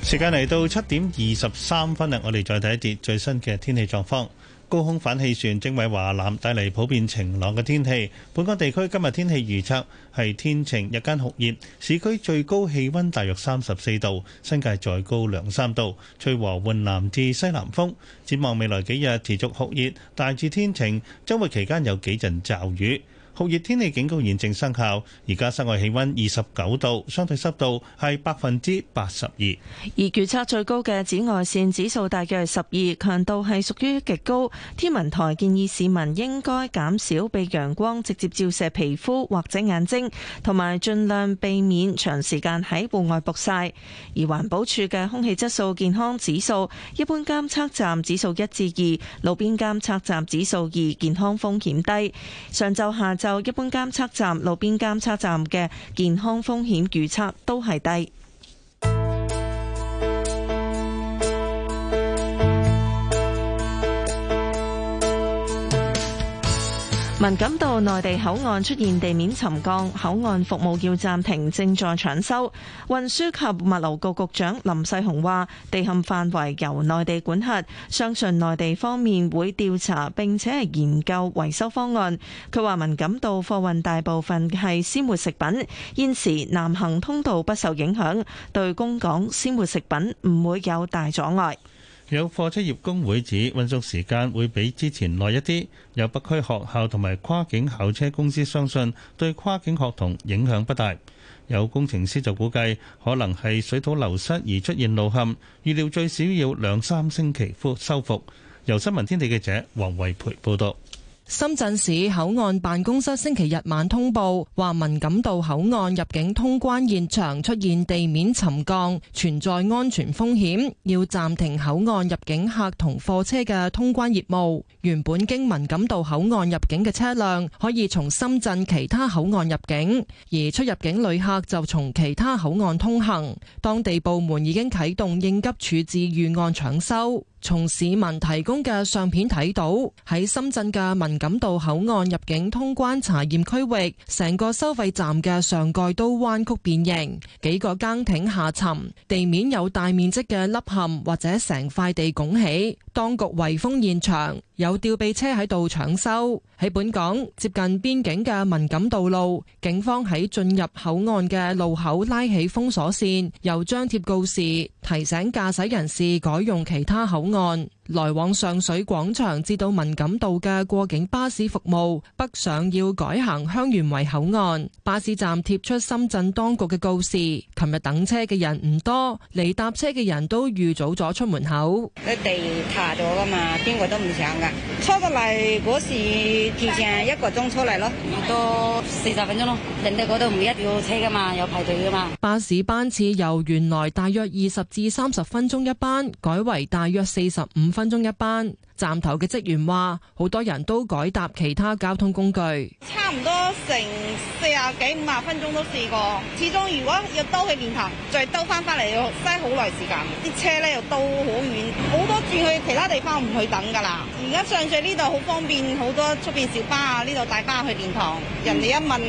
時間嚟到七點二十三分啦，我哋再睇一啲最新嘅天氣狀況。高空反氣旋正為華南帶嚟普遍晴朗嘅天氣，本港地區今日天氣預測係天晴，日間酷熱，市區最高氣温大約三十四度，新界再高兩三度，吹和緩南至西南風。展望未來幾日持續酷熱，大致天晴，周末期間有幾陣驟雨。酷熱天氣警告現正生效，而家室外氣温二十九度，相對濕度係百分之八十二。而預測最高嘅紫外線指數大約十二，強度係屬於極高。天文台建議市民應該減少被陽光直接照射皮膚或者眼睛，同埋盡量避免長時間喺戶外曝曬。而環保署嘅空氣質素健康指數，一般監測站指數一至二，路邊監測站指數二，健康風險低。上晝下晝。就一般監測站、路邊監測站嘅健康風險預測都係低。文錦道內地口岸出現地面沉降，口岸服務要暫停，正在搶修。運輸及物流局局長林世雄話：地陷範圍由內地管轄，相信內地方面會調查並且係研究維修方案。佢話：文錦道貨運大部分係鮮活食品，現時南行通道不受影響，對供港鮮活食品唔會有大阻礙。有貨車業工會指運送時間會比之前耐一啲，有北區學校同埋跨境校車公司相信對跨境學童影響不大。有工程師就估計可能係水土流失而出現路陷，預料最少要兩三星期復修復。由新聞天地記者黃慧培報道。深圳市口岸辦公室星期日晚通報，話文錦渡口岸入境通關現場出現地面沉降，存在安全風險，要暫停口岸入境客同貨車嘅通關業務。原本經文錦渡口岸入境嘅車輛，可以從深圳其他口岸入境，而出入境旅客就從其他口岸通行。當地部門已經啟動應急處置預案搶修。從市民提供嘅相片睇到，喺深圳嘅文錦渡口岸入境通關查驗區域，成個收費站嘅上蓋都彎曲變形，幾個崗亭下沉，地面有大面積嘅凹陷或者成塊地拱起，當局圍封現場。有吊臂車喺度搶修，喺本港接近邊境嘅敏感道路，警方喺進入口岸嘅路口拉起封鎖線，又張貼告示，提醒駕駛人士改用其他口岸。來往上水廣場至到文錦渡嘅過境巴士服務北上要改行香園圍口岸巴士站貼出深圳當局嘅告示。琴日等車嘅人唔多，嚟搭車嘅人都預早咗出門口。你地塌咗噶嘛？邊個都唔上噶。出得嚟嗰時提前一個鐘出嚟咯，唔多四十分鐘咯。人哋嗰度唔一定要車噶嘛，有排隊噶嘛。巴士班次由原來大約二十至三十分鐘一班改為大約四十五。分鐘一班，站頭嘅職員話，好多人都改搭其他交通工具，差唔多成四啊幾五啊分鐘都試過。始終如果要兜去蓮塘，再兜翻翻嚟要嘥好耐時間，啲車咧又兜好遠，好多轉去其他地方唔去等噶啦。而家上水呢度好方便，好多出邊小巴啊，呢度大巴去蓮塘，人哋一問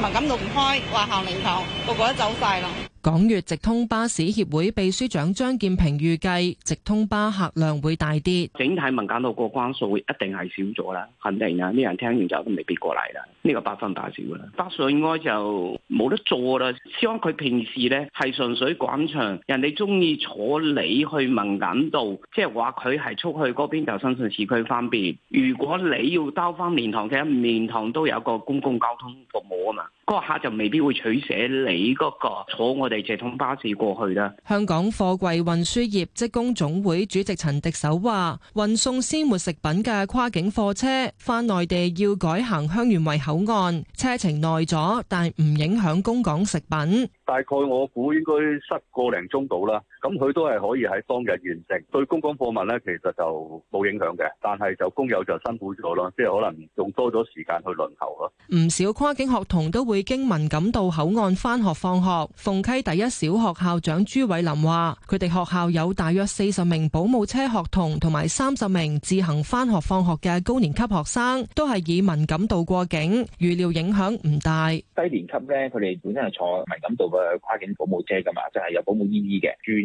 文錦渡唔開，話行蓮塘，個個都走晒啦。港粵直通巴士協會秘書長張建平預計，直通巴客量會大跌，整體文錦渡過關數一定係少咗啦，肯定啊，啲人聽完就都未必過嚟啦，呢、呢個百分太少啦，巴士應該就冇得做啦。希望佢平時咧係純粹廣場，人哋中意坐你去文錦渡，即係話佢係出去嗰邊就深圳市區方便。如果你要兜翻蓮塘街，蓮塘都有個公共交通服務啊嘛。嗰客就未必會取捨你嗰個坐我哋直通巴士過去啦。香港貨櫃運輸業職工總會主席陳迪手話，運送鮮活食品嘅跨境貨車返內地要改行香園圍口岸，車程耐咗，但唔影響供港食品。大概我估應該塞個零鐘到啦。咁佢都係可以喺當日完成，對公港貨物呢，其實就冇影響嘅，但係就工友就辛苦咗咯，即係可能用多咗時間去輪候咯。唔少跨境學童都會經文錦渡口岸翻學放學。鳳溪第一小學校長朱偉林話，佢哋學校有大約四十名保姆車學童同埋三十名自行翻學放學嘅高年級學生，都係以文錦渡過境，預料影響唔大。低年級呢，佢哋本身係坐文錦渡嘅跨境保姆車噶嘛，即係有保姆姨姨嘅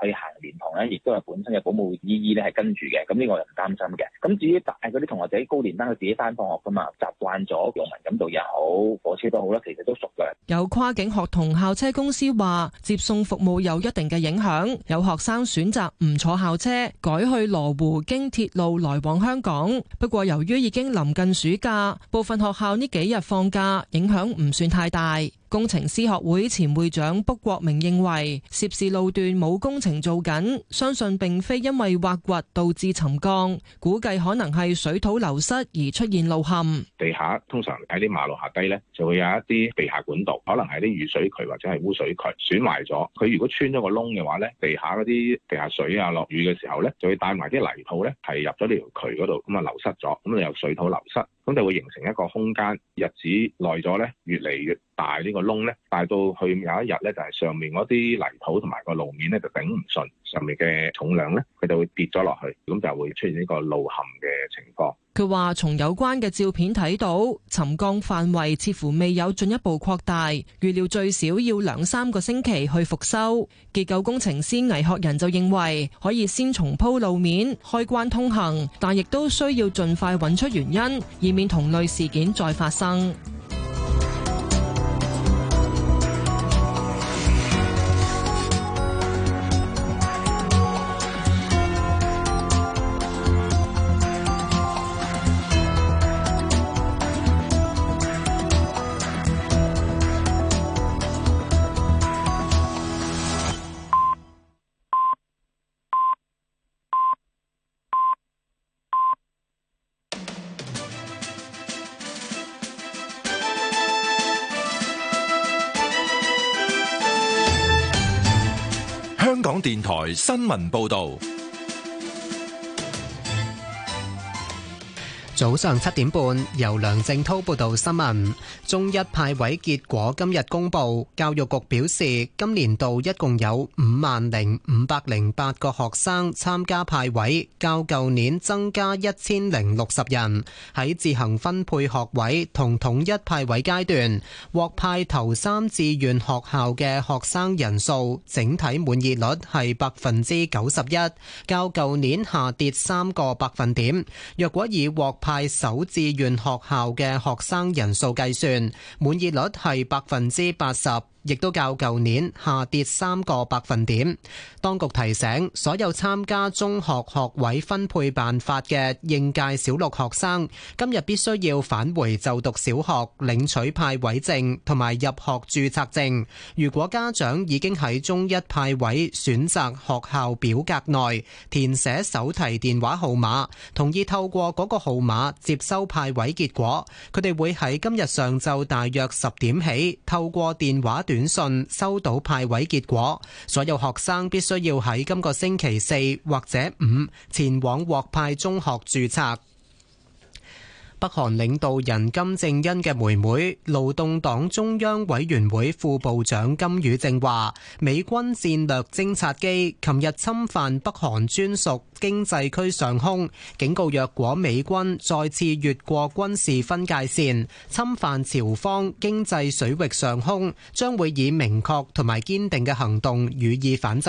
去行蓮塘咧，亦都係本身嘅保姆阿姨咧係跟住嘅，咁呢個又唔擔心嘅。咁至於大嗰啲同學仔高年班，佢自己返放學㗎嘛，習慣咗用銀感度又好，火車都好啦，其實都熟嘅。有跨境學童校車公司話，接送服務有一定嘅影響，有學生選擇唔坐校車，改去羅湖經鐵路來往香港。不過由於已經臨近暑假，部分學校呢幾日放假，影響唔算太大。工程師學會前會長卜國明認為，涉事路段冇工程做緊，相信並非因為挖掘導致沉降，估計可能係水土流失而出現路陷。地下通常喺啲馬路下低呢，就會有一啲地下管道，可能係啲雨水渠或者係污水渠損壞咗。佢如果穿咗個窿嘅話呢，地下嗰啲地下水啊，落雨嘅時候呢，就會帶埋啲泥土呢，係入咗呢條渠嗰度，咁啊流失咗，咁你又水土流失，咁就會形成一個空間，日子耐咗呢，越嚟越大呢個窿呢，大到去有一日呢，就係上面嗰啲泥土同埋個路面呢，就頂唔順上面嘅重量呢，佢就會跌咗落去，咁就會出現呢個路陷嘅情況。佢話：從有關嘅照片睇到，沉降範圍似乎未有進一步擴大，預料最少要兩三個星期去復修。結構工程師魏學仁就認為，可以先重鋪路面，開關通行，但亦都需要盡快揾出原因，以免同類事件再發生。新聞報道。早上七點半，由梁正滔報道新聞。中一派位結果今日公佈，教育局表示，今年度一共有五萬零五百零八個學生參加派位，較舊年增加一千零六十人。喺自行分配學位同統一派位階段，獲派頭三志願學校嘅學生人數，整體滿意率係百分之九十一，較舊年下跌三個百分點。若果以獲派派首志願學校嘅學生人數計算，滿意率係百分之八十。亦都較舊年下跌三個百分點。當局提醒所有參加中學學位分配辦法嘅應屆小六學生，今日必須要返回就讀小學領取派位證同埋入學註冊證。如果家長已經喺中一派位選擇學校表格內填寫手提電話號碼，同意透過嗰個號碼接收派位結果，佢哋會喺今日上晝大約十點起透過電話段短信收到派位結果，所有學生必須要喺今個星期四或者五前往獲派中學註冊。北韓領導人金正恩嘅妹妹、勞動黨中央委員會副部長金宇正話美軍戰略偵察機琴日侵犯北韓專屬經濟區上空，警告若果美軍再次越過軍事分界線，侵犯朝方經濟水域上空，將會以明確同埋堅定嘅行動予以反制。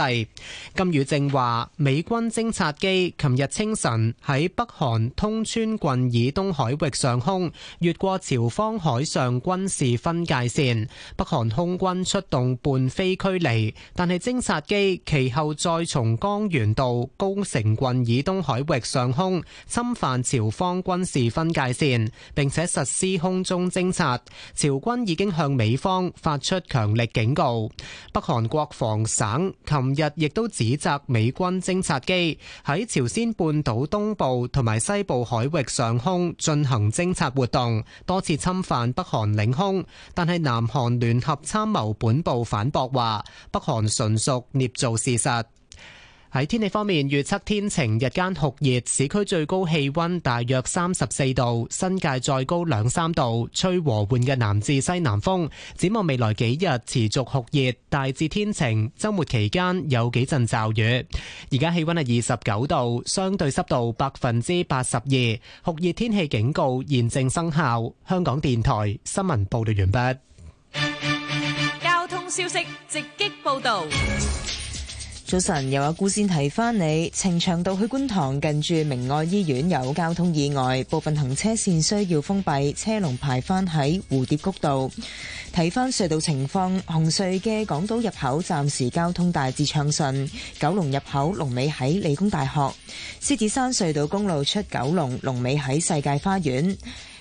金宇正話，美軍偵察機琴日清晨喺北韓通川郡以東海域上空，越過朝方海上軍事分界線，北韓空軍出動伴飛驅離，但係偵察機其後再從江原道高城。軍以東海域上空侵犯朝方軍事分界線，並且實施空中偵察。朝軍已經向美方發出強力警告。北韓國防省琴日亦都指責美軍偵察機喺朝鮮半島東部同埋西部海域上空進行偵察活動，多次侵犯北韓領空。但係南韓聯合參謀本部反駁話，北韓純屬捏造事實。喺天氣方面，預測天晴，日間酷熱，市區最高氣溫大約三十四度，新界再高兩三度，吹和緩嘅南至西南風。展望未來幾日持續酷熱，大致天晴，周末期間有幾陣驟雨。而家氣溫係二十九度，相對濕度百分之八十二，酷熱天氣警告現正生效。香港電台新聞報道完畢。交通消息直擊報道。早晨，又阿顧善提翻你，呈祥道去觀塘近住明愛醫院有交通意外，部分行車線需要封閉，車龍排翻喺蝴蝶谷道。睇翻隧道情況，紅隧嘅港島入口暫時交通大致暢順，九龍入口龍尾喺理工大學，獅子山隧道公路出九龍龍尾喺世界花園。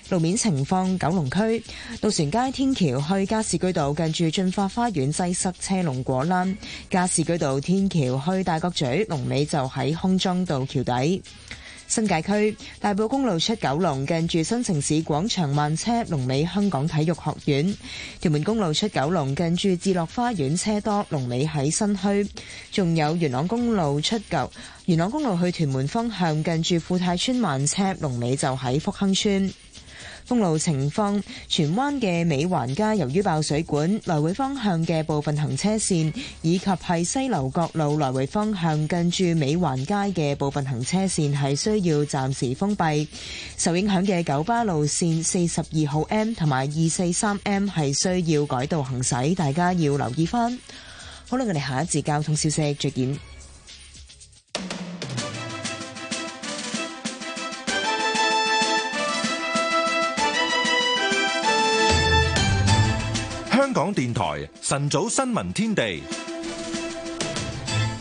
路面情況，九龍區渡船街天橋去加士居道，近住駿發花園擠塞車龍果欄；加士居道天橋去大角咀，龍尾就喺空裝道橋底。新界區大埔公路出九龍，近住新城市廣場慢車，龍尾香港體育學院；屯門公路出九龍，近住置樂花園車多，龍尾喺新墟。仲有元朗公路出九，元朗公路去屯門方向，近住富泰村慢車，龍尾就喺福亨村。封路情況，荃灣嘅美環街由於爆水管，來回方向嘅部分行車線，以及係西樓角路來回方向近住美環街嘅部分行車線係需要暫時封閉。受影響嘅九巴路線四十二號 M 同埋二四三 M 係需要改道行駛，大家要留意返。好啦，我哋下一節交通消息，再見。香港電台晨早新聞天地，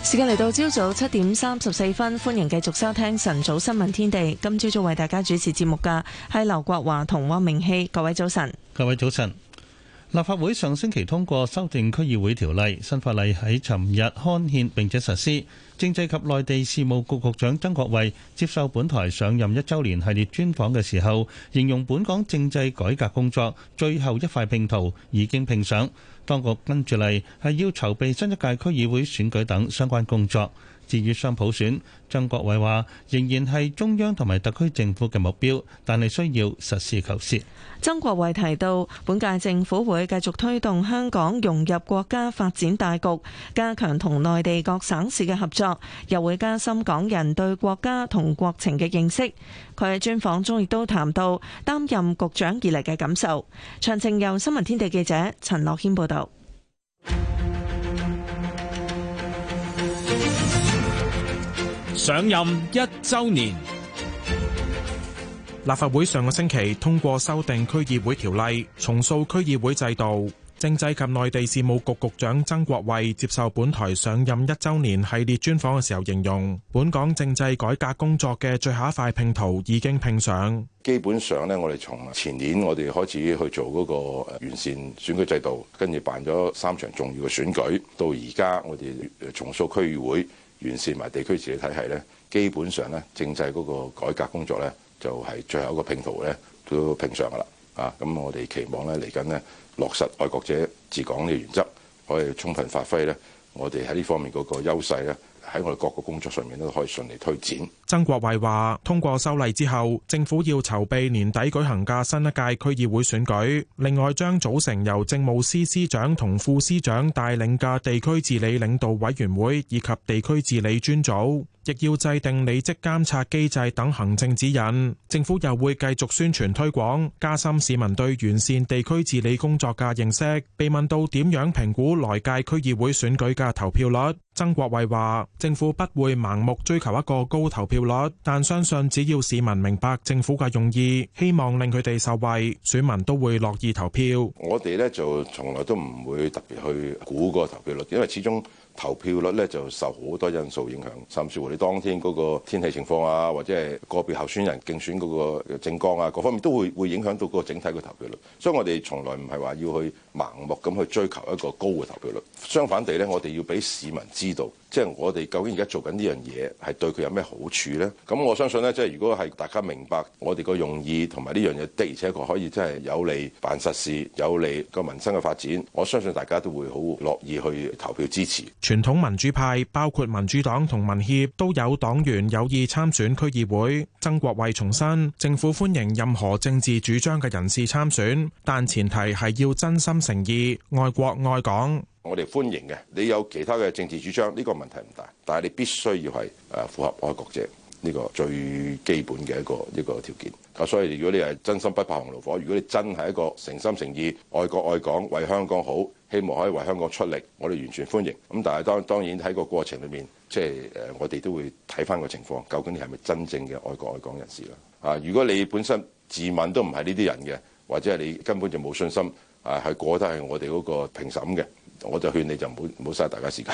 時間嚟到朝早七點三十四分，歡迎繼續收聽晨早新聞天地。今朝早為大家主持節目嘅係劉國華同汪明熙，各位早晨，各位早晨。立法會上星期通過修訂區議會條例，新法例喺尋日刊憲並且實施。政制及內地事務局局長曾國衛接受本台上任一週年系列專訪嘅時候，形容本港政制改革工作最後一塊拼圖已經拼上，當局跟住嚟係要籌備新一屆區議會選舉等相關工作。至於雙普選，曾國衛話：仍然係中央同埋特區政府嘅目標，但係需要實事求是。曾國衛提到，本屆政府會繼續推動香港融入國家發展大局，加強同內地各省市嘅合作，又會加深港人對國家同國情嘅認識。佢喺專訪中亦都談到擔任局長以嚟嘅感受。詳情由新聞天地記者陳樂軒報道。上任一周年，立法會上個星期通過修訂區議會條例，重塑區議會制度。政制及內地事務局局,局長曾國衛接受本台上任一周年系列專訪嘅時候，形容本港政制改革工作嘅最後一塊拼圖已經拼上。基本上咧，我哋從前年我哋開始去做嗰個完善選舉制度，跟住辦咗三場重要嘅選舉，到而家我哋重塑區議會。完善埋地區治理體系咧，基本上咧政制嗰個改革工作咧，就係最後一個拼圖咧都拼上㗎啦啊！咁我哋期望咧嚟緊呢，落實愛國者治港嘅原則，可以充分發揮咧我哋喺呢方面嗰個優勢咧。喺我哋各個工作上面都可以順利推展。曾國衛話：通過修例之後，政府要籌備年底舉行嘅新一屆區議會選舉。另外，將組成由政務司司長同副司長帶領嘅地區治理領導委員會以及地區治理專組。亦要制定履職監察機制等行政指引，政府又會繼續宣傳推廣，加深市民對完善地區治理工作嘅認識。被問到點樣評估來屆區議會選舉嘅投票率，曾國衛話，政府不會盲目追求一個高投票率，但相信只要市民明白政府嘅用意，希望令佢哋受惠，選民都會樂意投票。我哋咧就從來都唔會特別去估個投票率，因為始終。投票率咧就受好多因素影響，甚至乎你當天嗰個天氣情況啊，或者係個別候選人競選嗰個政綱啊，各方面都會會影響到嗰個整體嘅投票率。所以我哋從來唔係話要去盲目咁去追求一個高嘅投票率，相反地咧，我哋要俾市民知道，即係我哋究竟而家做緊呢樣嘢係對佢有咩好處呢？咁我相信呢，即係如果係大家明白我哋個用意同埋呢樣嘢的，而且確可以真係有利辦實事、有利個民生嘅發展，我相信大家都會好樂意去投票支持。傳統民主派包括民主黨同民協都有黨員有意參選區議會。曾國衛重申，政府歡迎任何政治主張嘅人士參選，但前提係要真心誠意、愛國愛港。我哋歡迎嘅，你有其他嘅政治主張，呢個問題唔大。但係你必須要係誒符合愛國者呢個最基本嘅一個一個條件。啊，所以如果你係真心不怕紅爐火，如果你真係一個誠心誠意、愛國愛港、為香港好，希望可以為香港出力，我哋完全歡迎。咁但係，當當然喺個過程裏面，即係誒，我哋都會睇翻個情況，究竟你係咪真正嘅愛國愛港人士啊，如果你本身自問都唔係呢啲人嘅，或者係你根本就冇信心，啊，係過得去我哋嗰個評審嘅。我就勸你就唔好唔好嘥大家時間。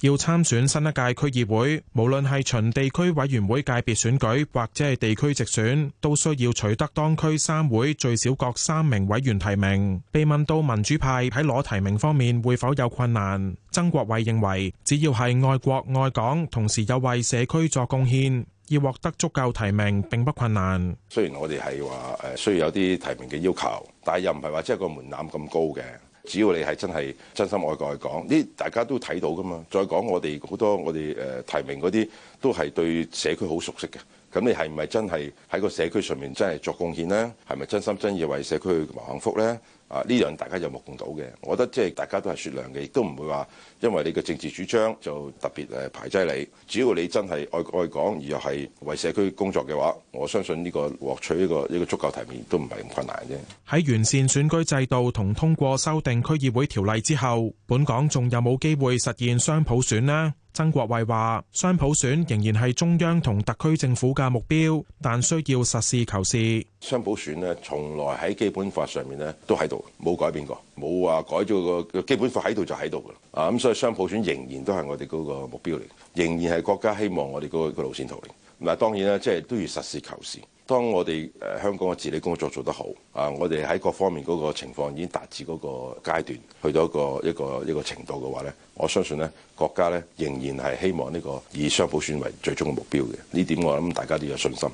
要參選新一屆區議會，無論係循地區委員會界別選舉或者係地區直選，都需要取得當區三會最少各三名委員提名。被問到民主派喺攞提名方面會否有困難，曾國衛認為只要係愛國愛港，同時又為社區作貢獻，要獲得足夠提名並不困難。雖然我哋係話誒，需要有啲提名嘅要求，但係又唔係話，即係個門檻咁高嘅。只要你係真係真心愛國去講，呢大家都睇到噶嘛。再講我哋好多我哋誒提名嗰啲，都係對社區好熟悉嘅。咁你係唔係真係喺個社區上面真係作貢獻呢？係咪真心真意為社區謀幸福呢？啊，呢樣大家有目共睹嘅。我覺得即係大家都係雪亮嘅，亦都唔會話，因為你嘅政治主張就特別誒排擠你，只要你真係愛愛港而又係為社區工作嘅話，我相信呢個獲取呢個呢個足夠提名都唔係咁困難啫。喺完善選舉制度同通過修訂區議會條例之後，本港仲有冇機會實現雙普選呢？曾國衛話：雙普選仍然係中央同特區政府嘅目標，但需要實事求是。雙普選呢，從來喺基本法上面呢都喺度，冇改變過。冇話改咗個基本法喺度就喺度㗎啦，啊咁所以雙普選仍然都係我哋嗰個目標嚟，仍然係國家希望我哋嗰個個路線圖嚟。嗱，當然啦，即係都要實事求是。當我哋誒香港嘅治理工作做得好，啊我哋喺各方面嗰個情況已經達至嗰個階段，去到一個一個一個程度嘅話咧，我相信咧國家咧仍然係希望呢個以雙普選為最終嘅目標嘅。呢點我諗大家都有信心。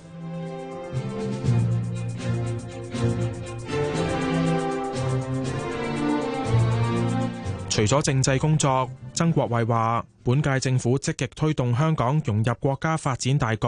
(music) 除咗政制工作，曾國衛話本屆政府積極推動香港融入國家發展大局，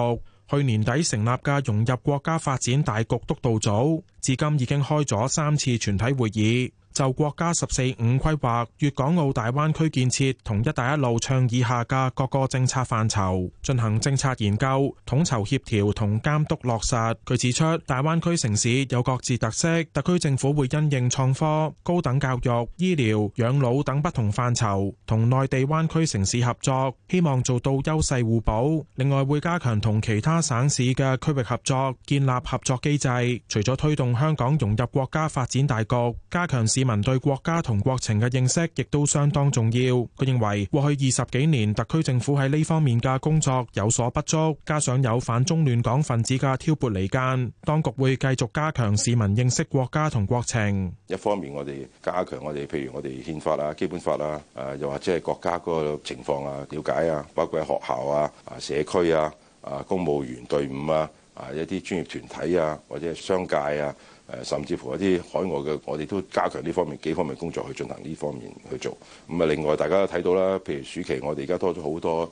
去年底成立嘅融入國家發展大局督導組，至今已經開咗三次全體會議。就國家十四五規劃、粵港澳大灣區建設同“一帶一路”倡議下嘅各個政策範疇進行政策研究、統籌協調同監督落實。佢指出，大灣區城市有各自特色，特區政府會因應創科、高等教育、醫療、養老等不同範疇，同內地灣區城市合作，希望做到優勢互補。另外，會加強同其他省市嘅區域合作，建立合作機制。除咗推動香港融入國家發展大局，加強市市民對國家同國情嘅認識，亦都相當重要。佢認為過去二十幾年，特區政府喺呢方面嘅工作有所不足，加上有反中亂港分子嘅挑撥離間，當局會繼續加強市民認識國家同國情。一方面，我哋加強我哋，譬如我哋憲法啊、基本法啊，啊又或者係國家嗰個情況啊、了解啊，包括喺學校啊、啊社區啊、啊公務員隊伍啊、啊一啲專業團體啊，或者係商界啊。誒，甚至乎一啲海外嘅，我哋都加強呢方面幾方面工作去進行呢方面去做。咁啊，另外大家都睇到啦，譬如暑期我哋而家多咗好多誒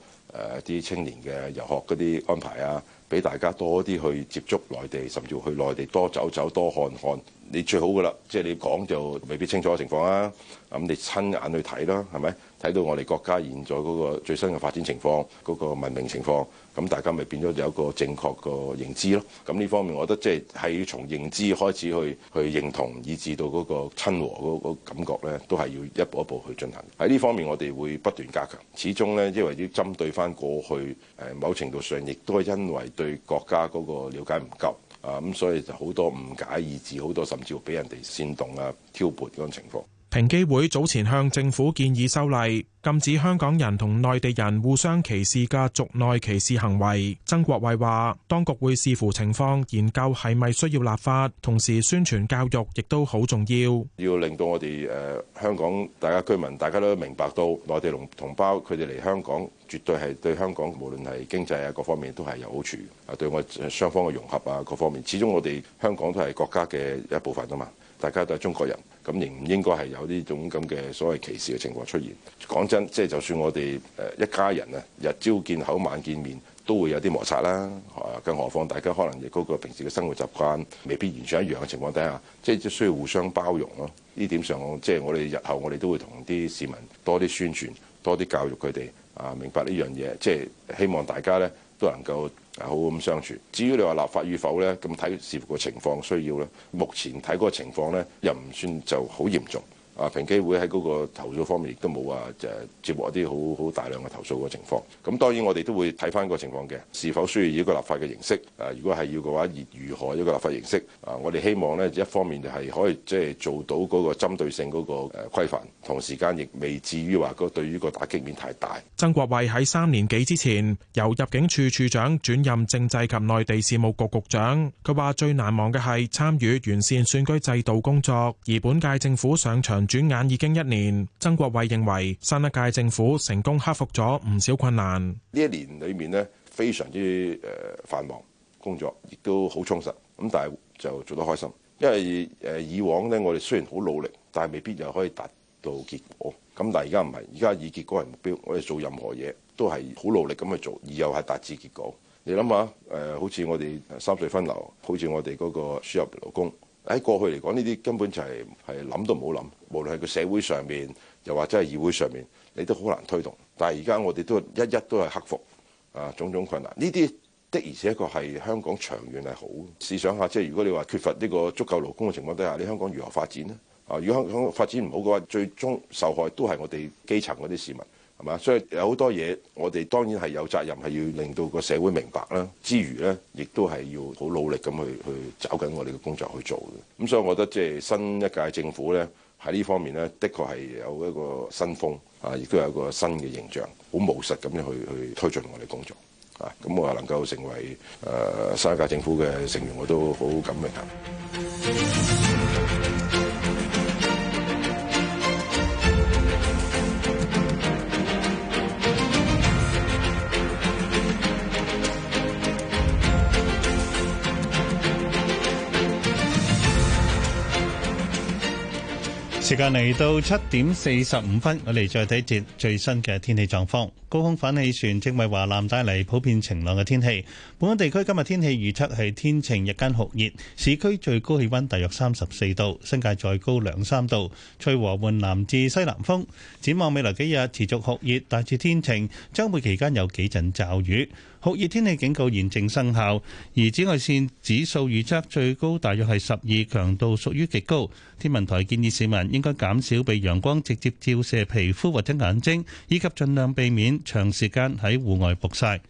啲、呃、青年嘅遊學嗰啲安排啊，俾大家多啲去接觸內地，甚至去內地多走走、多看看。你最好噶啦，即係你講就未必清楚嘅情況啊。咁你親眼去睇啦，係咪？睇到我哋國家現在嗰個最新嘅發展情況，嗰個文明情況。咁大家咪變咗有一個正確個認知咯。咁呢方面，我覺得即係喺從認知開始去去認同，以至到嗰個親和嗰、嗰、嗰個、感覺咧，都係要一步一步去進行喺呢方面。我哋會不斷加強，始終咧，因為要針對翻過去誒，某程度上亦都係因為對國家嗰個瞭解唔夠啊，咁所以就好多誤解，以致好多甚至乎俾人哋煽動啊、挑撥嗰種情況。平機會早前向政府建議修例，禁止香港人同內地人互相歧視嘅族內歧視行為。曾國衛話，當局會視乎情況研究係咪需要立法，同時宣傳教育亦都好重要，要令到我哋誒、呃、香港大家居民大家都明白到內地同胞佢哋嚟香港絕對係對香港無論係經濟啊各方面都係有好處啊，對我哋雙方嘅融合啊各方面，始終我哋香港都係國家嘅一部分啊嘛。大家都係中國人，咁亦唔應該係有呢種咁嘅所謂歧視嘅情況出現。講真，即係就算我哋誒一家人啊，日朝見口晚見面，都會有啲摩擦啦。啊，更何況大家可能亦嗰個平時嘅生活習慣未必完全一樣嘅情況底下，即係需要互相包容咯。呢點上，即係我哋日後我哋都會同啲市民多啲宣傳，多啲教育佢哋啊，明白呢樣嘢。即係希望大家呢，都能夠好好咁相處。至於你話立法與否咧，咁睇視乎個情況需要咧。目前睇個情況咧，又唔算就好嚴重。啊，平機會喺嗰個投訴方面亦都冇話就接獲一啲好好大量嘅投訴個情況。咁當然我哋都會睇翻個情況嘅，是否需要以一個立法嘅形式？誒，如果係要嘅話，而如何一個立法形式？啊，我哋希望呢一方面就係可以即係做到嗰個針對性嗰個誒規範，同時間亦未至於話嗰對於個打擊面太大。曾國衛喺三年幾之前由入境處處長轉任政制及內地事務局局長，佢話最難忘嘅係參與完善選舉制度工作，而本屆政府上場。轉眼已經一年，曾國衛認為新一屆政府成功克服咗唔少困難。呢一年裏面呢，非常之誒繁忙，工作，亦都好充實。咁但係就做得開心，因為誒以往呢，我哋雖然好努力，但係未必又可以達到結果。咁但係而家唔係，而家以結果為目標，我哋做任何嘢都係好努力咁去做，而又係達至結果。你諗下，誒，好似我哋三隧分流，好似我哋嗰個輸入勞工。喺過去嚟講，呢啲根本就係係諗都唔好諗，無論係個社會上面，又或者係議會上面，你都好難推動。但係而家我哋都一一都係克服啊，種種困難。呢啲的而且確係香港長遠係好。試想下，即係如果你話缺乏呢個足夠勞工嘅情況底下，你香港如何發展咧？啊，如果香港發展唔好嘅話，最終受害都係我哋基層嗰啲市民。係嘛？所以有好多嘢，我哋當然係有責任，係要令到個社會明白啦。之餘咧，亦都係要好努力咁去去抓緊我哋嘅工作去做嘅。咁所以，我覺得即係新一屆政府咧，喺呢方面咧，的確係有一個新風啊，亦都有個新嘅形象，好務實咁樣去去推進我哋工作啊。咁我能夠成為誒、呃、新一屆政府嘅成員，我都好感榮幸。是時間嚟到七點四十五分，我哋再睇一節最新嘅天氣狀況。高空反氣旋正為華南帶嚟普遍晴朗嘅天氣。本港地區今日天氣預測係天晴，日間酷熱，市區最高氣溫大約三十四度，新界再高兩三度。吹和緩南至西南風。展望未來幾日持續酷熱，大致天晴，周末期間有幾陣驟雨。酷熱天氣警告現正生效，而紫外線指數預測最高大約係十二，強度屬於極高。天文台建議市民應該減少被陽光直接照射皮膚或者眼睛，以及盡量避免長時間喺戶外曝曬。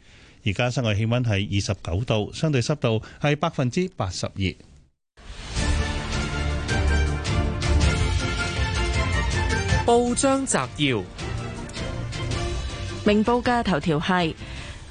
而家室外氣溫係二十九度，相對濕度係百分之八十二。報章摘要：明報嘅頭條係。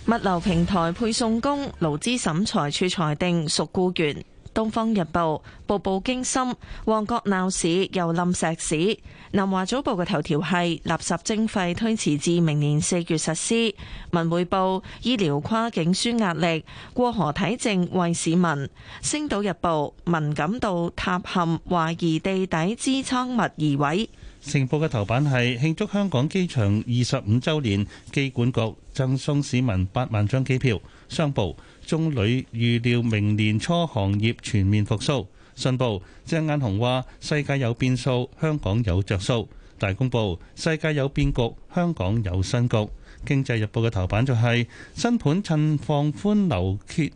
物流平台配送工，勞資審裁處裁定屬雇員。東方日報步步驚心，旺角鬧市又冧石屎。南華早報嘅頭條係垃圾徵費推遲至明年四月實施。文匯報醫療跨境紓壓力，過河睇症為市民。星島日報彌敦道塌陷，懷疑地底支撐物移位。成報嘅頭版係慶祝香港機場二十五週年，機管局贈送市民八萬張機票。商報中旅預料明年初行業全面復甦。信報張雁雄話：世界有變數，香港有着數。大公報世界有變局，香港有新局。經濟日報嘅頭版就係新盤趁放寬樓揭，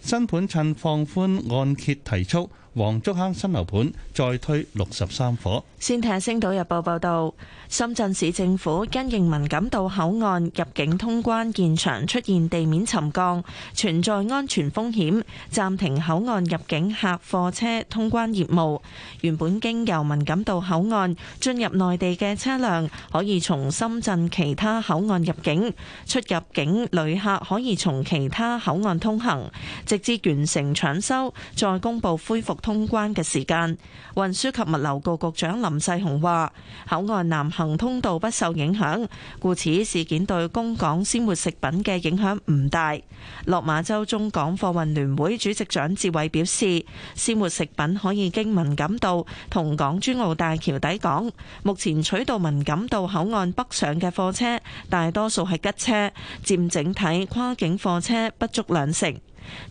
新盤趁放寬按揭提速。黃竹坑新樓盤再推六十三伙。先睇下《星島日報》報道：深圳市政府因應敏感道口岸入境通關現場出現地面沉降，存在安全風險，暫停口岸入境客貨車通關業務。原本經由敏感道口岸進入內地嘅車輛，可以從深圳其他口岸入境。出入境旅客可以從其他口岸通行，直至完成搶修，再公布恢復。通關嘅時間，運輸及物流局局長林世雄話：口岸南行通道不受影響，故此事件對供港鮮活食品嘅影響唔大。落馬洲中港貨運聯會主席蔣志偉表示，鮮活食品可以經文錦道同港珠澳大橋抵港。目前取道文錦道口岸北上嘅貨車大多數係吉車，佔整體跨境貨車不足兩成。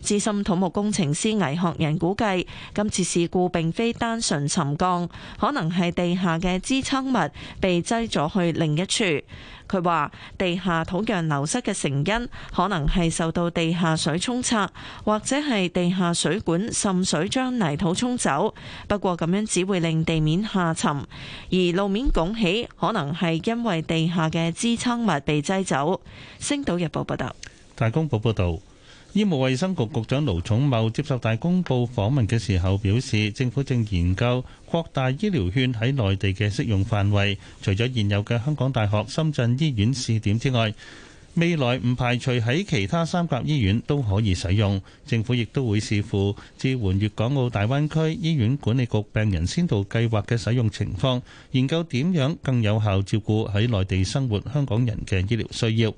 資深土木工程師倪學仁估計，今次事故並非單純沉降，可能係地下嘅支撐物被擠咗去另一處。佢話，地下土壤流失嘅成因可能係受到地下水沖刷，或者係地下水管滲水將泥土沖走。不過咁樣只會令地面下沉，而路面拱起可能係因為地下嘅支撐物被擠走。星島日報報道，大公報報道。醫務衛生局局長盧寵茂接受大公報訪問嘅時候表示，政府正研究擴大醫療券喺內地嘅適用範圍，除咗現有嘅香港大學深圳醫院試點之外，未來唔排除喺其他三甲醫院都可以使用。政府亦都會視乎支援粵港澳大灣區醫院管理局病人先導計劃嘅使用情況，研究點樣更有效照顧喺內地生活香港人嘅醫療需要。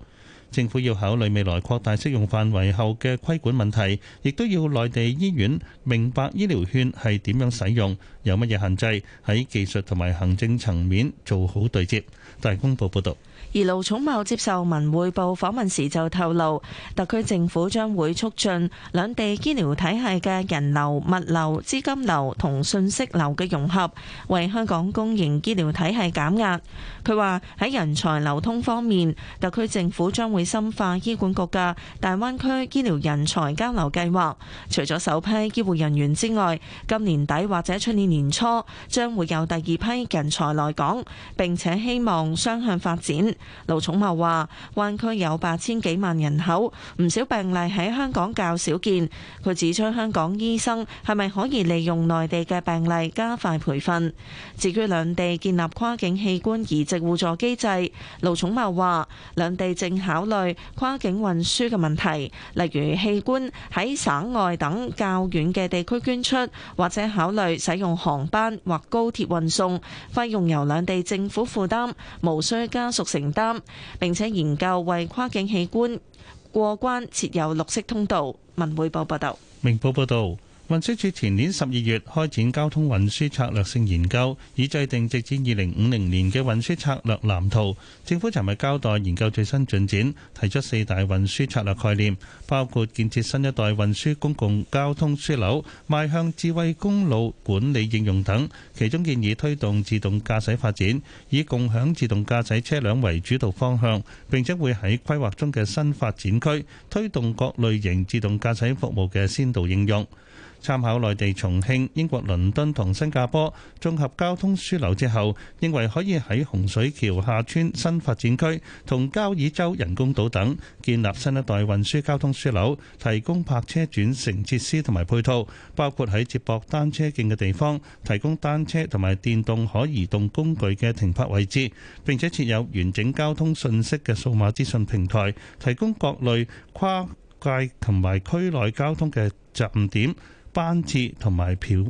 政府要考慮未來擴大適用範圍後嘅規管問題，亦都要內地醫院明白醫療券係點樣使用，有乜嘢限制，喺技術同埋行政層面做好對接。大公報報道。而盧寵茂接受文匯報訪問時就透露，特區政府將會促進兩地醫療體系嘅人流、物流、資金流同信息流嘅融合，為香港公營醫療體系減壓，佢話喺人才流通方面，特區政府將會深化醫管局嘅大灣區醫療人才交流計劃，除咗首批醫護人員之外，今年底或者出年年初將會有第二批人才來港，並且希望雙向發展。盧寵茂話：灣區有八千幾萬人口，唔少病例喺香港較少見。佢指出香港醫生係咪可以利用內地嘅病例加快培訓？至於兩地建立跨境器官移植互助機制，盧寵茂話兩地正考慮跨境運輸嘅問題，例如器官喺省外等較遠嘅地區捐出，或者考慮使用航班或高鐵運送，費用由兩地政府負擔，無需家屬承擔。擔，並且研究為跨境器官過關設有綠色通道。文匯報報道，明報報道。運輸署前年十二月開展交通運輸策略性研究，以制定直至二零五零年嘅運輸策略藍圖。政府尋日交代研究最新進展，提出四大運輸策略概念，包括建設新一代運輸公共交通樞紐、邁向智慧公路管理應用等。其中建議推動自動駕駛發展，以共享自動駕駛車輛為主導方向。並且會喺規劃中嘅新發展區推動各類型自動駕駛服務嘅先導應用。參考內地重慶、英國倫敦同新加坡綜合交通樞紐之後，認為可以喺洪水橋下村新發展區同交椅洲人工島等建立新一代運輸交通樞紐，提供泊車轉乘設施同埋配套，包括喺接駁單車徑嘅地方提供單車同埋電動可移動工具嘅停泊位置，並且設有完整交通信息嘅數碼資訊平台，提供各類跨界同埋區內交通嘅集誤點。班次同埋票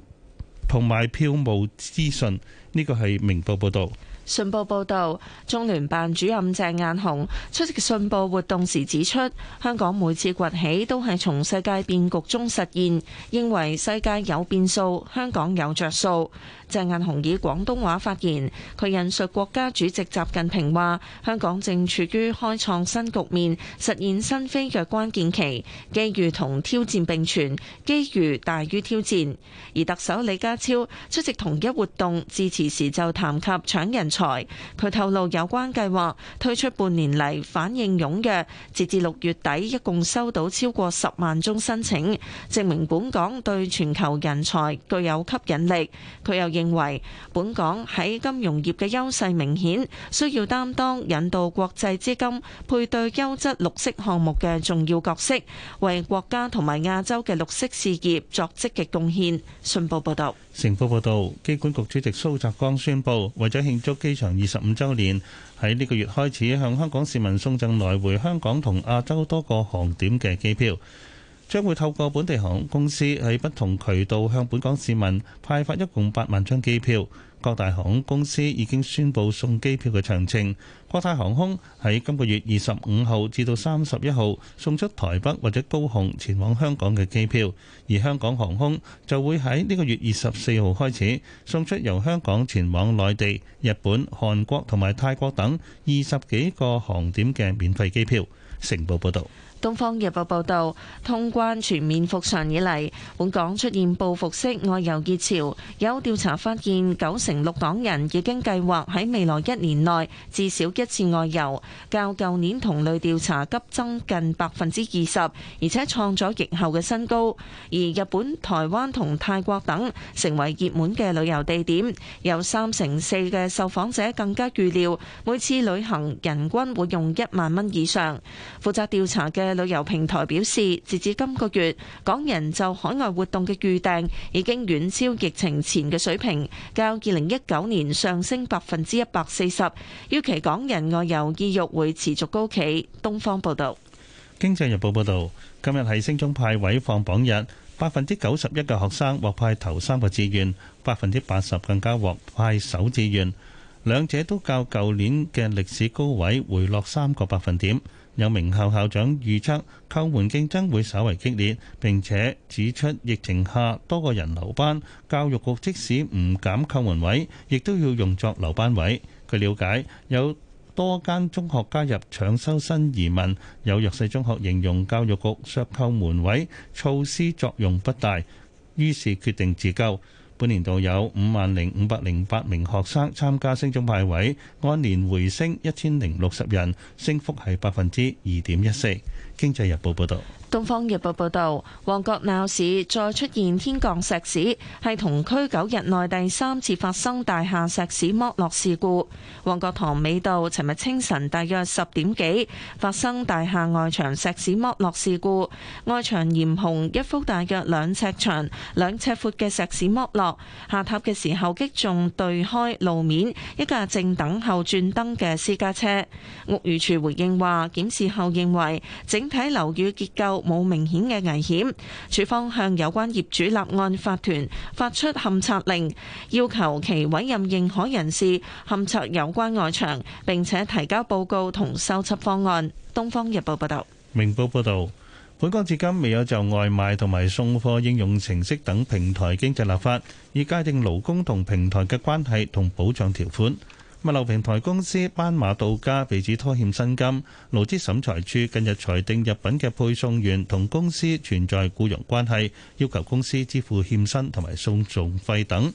同埋票務資訊，呢個係明報報道。信報報導，中聯辦主任鄭雁雄出席信報活動時指出，香港每次崛起都係從世界變局中實現，認為世界有變數，香港有著數。鄭雁雄以廣東話發言，佢引述國家主席習近平話：香港正處於開創新局面、實現新飛躍嘅關鍵期，機遇同挑戰並存，機遇大於挑戰。而特首李家超出席同一活動致辭時就談及搶人才，佢透露有關計劃推出半年嚟反應踴躍，截至六月底一共收到超過十萬宗申請，證明本港對全球人才具有吸引力。佢又認為本港喺金融業嘅優勢明顯，需要擔當引導國際資金配對優質綠，綠色項目嘅重要角色，為國家同埋亞洲嘅綠色事業作積極貢獻。信報報道。成報報道，機管局主席蘇澤光宣布，為咗慶祝機場二十五週年，喺呢個月開始向香港市民送贈來回香港同亞洲多個航點嘅機票，將會透過本地航空公司喺不同渠道向本港市民派發一共八萬張機票。各大航空公司已經宣布送機票嘅詳情。國泰航空喺今個月二十五號至到三十一號送出台北或者高雄前往香港嘅機票，而香港航空就會喺呢個月二十四號開始送出由香港前往內地、日本、韓國同埋泰國等二十幾個航點嘅免費機票。成報報道。《東方日報》報道，通關全面復常以嚟，本港出現報復式外遊熱潮。有調查發現，九成六港人已經計劃喺未來一年內至少一次外遊，較舊年同類調查急增近百分之二十，而且創咗疫後嘅新高。而日本、台灣同泰國等成為熱門嘅旅遊地點，有三成四嘅受訪者更加預料，每次旅行人均會用一萬蚊以上。負責調查嘅旅遊平台表示，截至今個月，港人就海外活動嘅預訂已經遠超疫情前嘅水平，較二零一九年上升百分之一百四十。預期港人外遊意欲會持續高企。東方報道、經濟日報報道，今日係升中派位放榜日，百分之九十一嘅學生獲派頭三個志願，百分之八十更加獲派首志願，兩者都較舊年嘅歷史高位回落三個百分點。有名校校長預測叩門競爭會稍為激烈，並且指出疫情下多個人留班，教育局即使唔減叩門位，亦都要用作留班位。據了解，有多間中學加入搶收新移民，有弱勢中學形容教育局削叩門位措施作用不大，於是決定自救。本年度有五萬零五百零八名學生參加升中派位，按年回升一千零六十人，升幅係百分之二點一四。經濟日報報道。東方日報報道，旺角鬧市再出現天降石屎，係同區九日內第三次發生大廈石屎剝落事故。旺角塘尾道，尋日清晨大約十點幾，發生大廈外牆石屎剝落事故，外牆嚴紅一幅大約兩尺長、兩尺闊嘅石屎剝落，下塌嘅時候擊中對開路面一架正等候轉燈嘅私家車。屋宇署回應話，檢視後認為整體樓宇結構。冇明顯嘅危險，署方向有關業主立案法團發出勘察令，要求其委任認可人士勘察有關外牆，並且提交報告同修葺方案。《東方日報》報道，《明報》報道，本港至今未有就外賣同埋送貨應用程式等平台經濟立法，以界定勞工同平台嘅關係同保障條款。物流平台公司斑馬到家被指拖欠薪金，勞資審裁處近日裁定入禀嘅配送員同公司存在僱傭關係，要求公司支付欠薪同埋訴訟費等。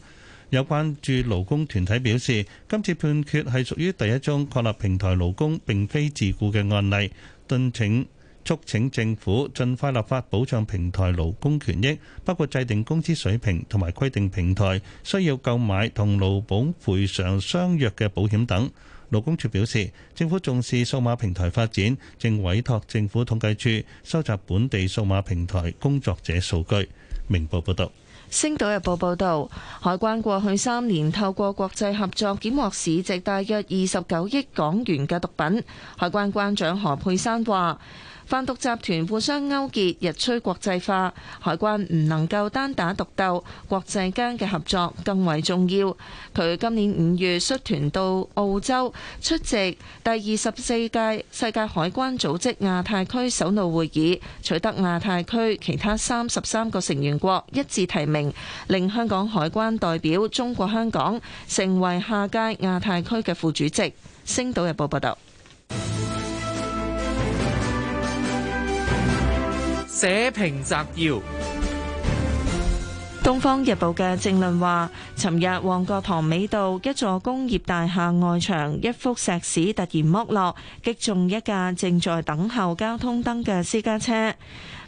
有關注勞工團體表示，今次判決係屬於第一宗確立平台勞工並非自僱嘅案例，敦請。促請政府盡快立法保障平台勞工權益，包括制定工資水平同埋規定平台需要購買同勞保賠償相約嘅保險等。勞工處表示，政府重視數碼平台發展，正委託政府統計處收集本地數碼平台工作者數據。明報報導，《星島日報》報導，海關過去三年透過國際合作檢獲市值大約二十九億港元嘅毒品。海關關長何佩珊話。販毒集團互相勾結，日趨國際化，海關唔能夠單打獨鬥，國際間嘅合作更為重要。佢今年五月率團到澳洲出席第二十四屆世界海關組織亞太區首腦會議，取得亞太區其他三十三個成員國一致提名，令香港海關代表中國香港成為下屆亞太區嘅副主席。星島日報報道。社評摘要。《東方日報》嘅正論話：尋日旺角塘尾道一座工業大廈外牆一幅石屎突然剝落，擊中一架正在等候交通燈嘅私家車。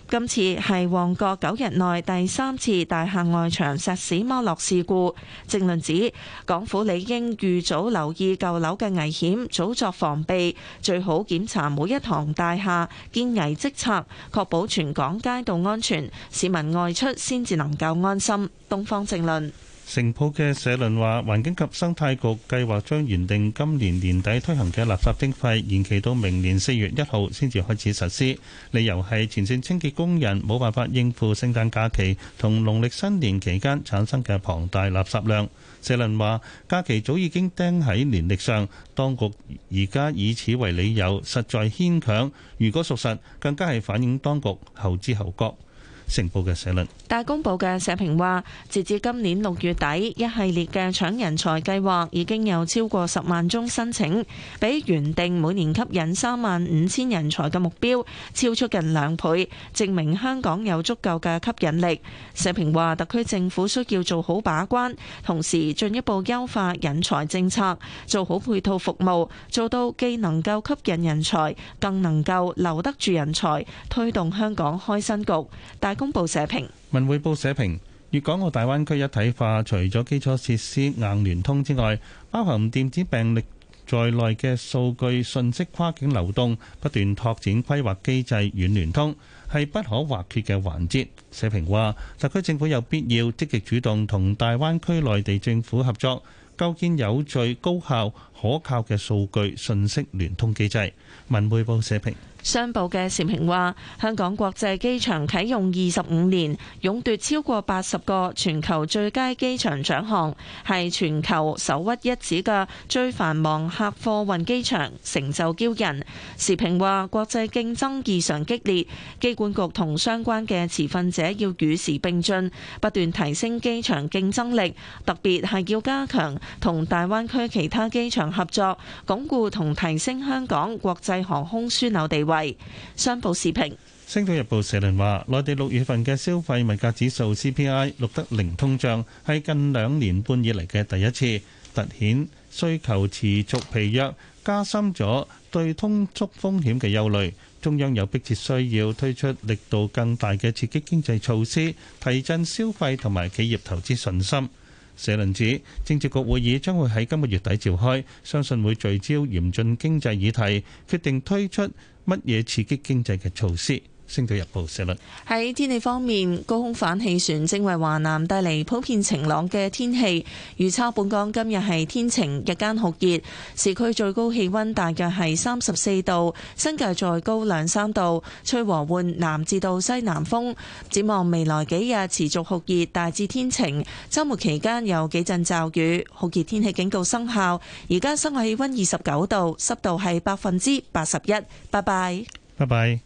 今次係旺角九日內第三次大廈外牆石屎剝落事故，政論指港府理應預早留意舊樓嘅危險，早作防備，最好檢查每一幢大廈，見危即拆，確保全港街道安全，市民外出先至能夠安心。東方政論。成報嘅社論話，環境及生態局計劃將原定今年年底推行嘅垃圾徵費延期到明年四月一號先至開始實施，理由係前線清潔工人冇辦法應付聖誕假期同農曆新年期間產生嘅龐大垃圾量。社論話，假期早已經釘喺年歷上，當局而家以此為理由，實在牽強。如果屬實，更加係反映當局後知後覺。成報嘅社論。大公報嘅社評話，截至今年六月底，一系列嘅搶人才計劃已經有超過十萬宗申請，比原定每年吸引三萬五千人才嘅目標超出近兩倍，證明香港有足夠嘅吸引力。社評話，特區政府需要做好把關，同時進一步優化人才政策，做好配套服務，做到既能夠吸引人才，更能夠留得住人才，推動香港開新局。大《公報社評》《文匯報社評》：粵港澳大灣區一體化，除咗基礎設施硬聯通之外，包含電子病歷在內嘅數據信息跨境流動，不斷拓展規劃機制軟聯通，係不可或缺嘅環節。社評話：特區政府有必要積極主動同大灣區內地政府合作，構建有序、高效、可靠嘅數據信息聯通機制。《文匯報社評》商報嘅時評話，香港國際機場啟用二十五年，勇奪超過八十個全球最佳機場獎項，係全球首屈一指嘅最繁忙客貨運機場，成就驕人。時評話，國際競爭異常激烈，機管局同相關嘅持份者要與時並進，不斷提升機場競爭力，特別係要加強同大灣區其他機場合作，鞏固同提升香港國際航空樞紐地位。商報視頻，《星島日報》社論話：內地六月份嘅消費物價指數 CPI 錄得零通脹，係近兩年半以嚟嘅第一次，突顯需求持續疲弱，加深咗對通縮風險嘅憂慮。中央有迫切需要推出力度更大嘅刺激經濟措施，提振消費同埋企業投資信心。社論指，政治局會議將會喺今個月底召開，相信會聚焦嚴峻經濟議題，決定推出乜嘢刺激經濟嘅措施。《星島日報》社論：喺天氣方面，高空反氣旋正為華南帶嚟普遍晴朗嘅天氣。預測本港今日係天晴，日間酷熱，市區最高氣温大約係三十四度，新界再高兩三度。吹和緩南至到西南風。展望未來幾日持續酷熱，大致天晴。周末期間有幾陣驟雨，酷熱天氣警告生效。而家室外氣温二十九度，濕度係百分之八十一。拜拜。拜拜。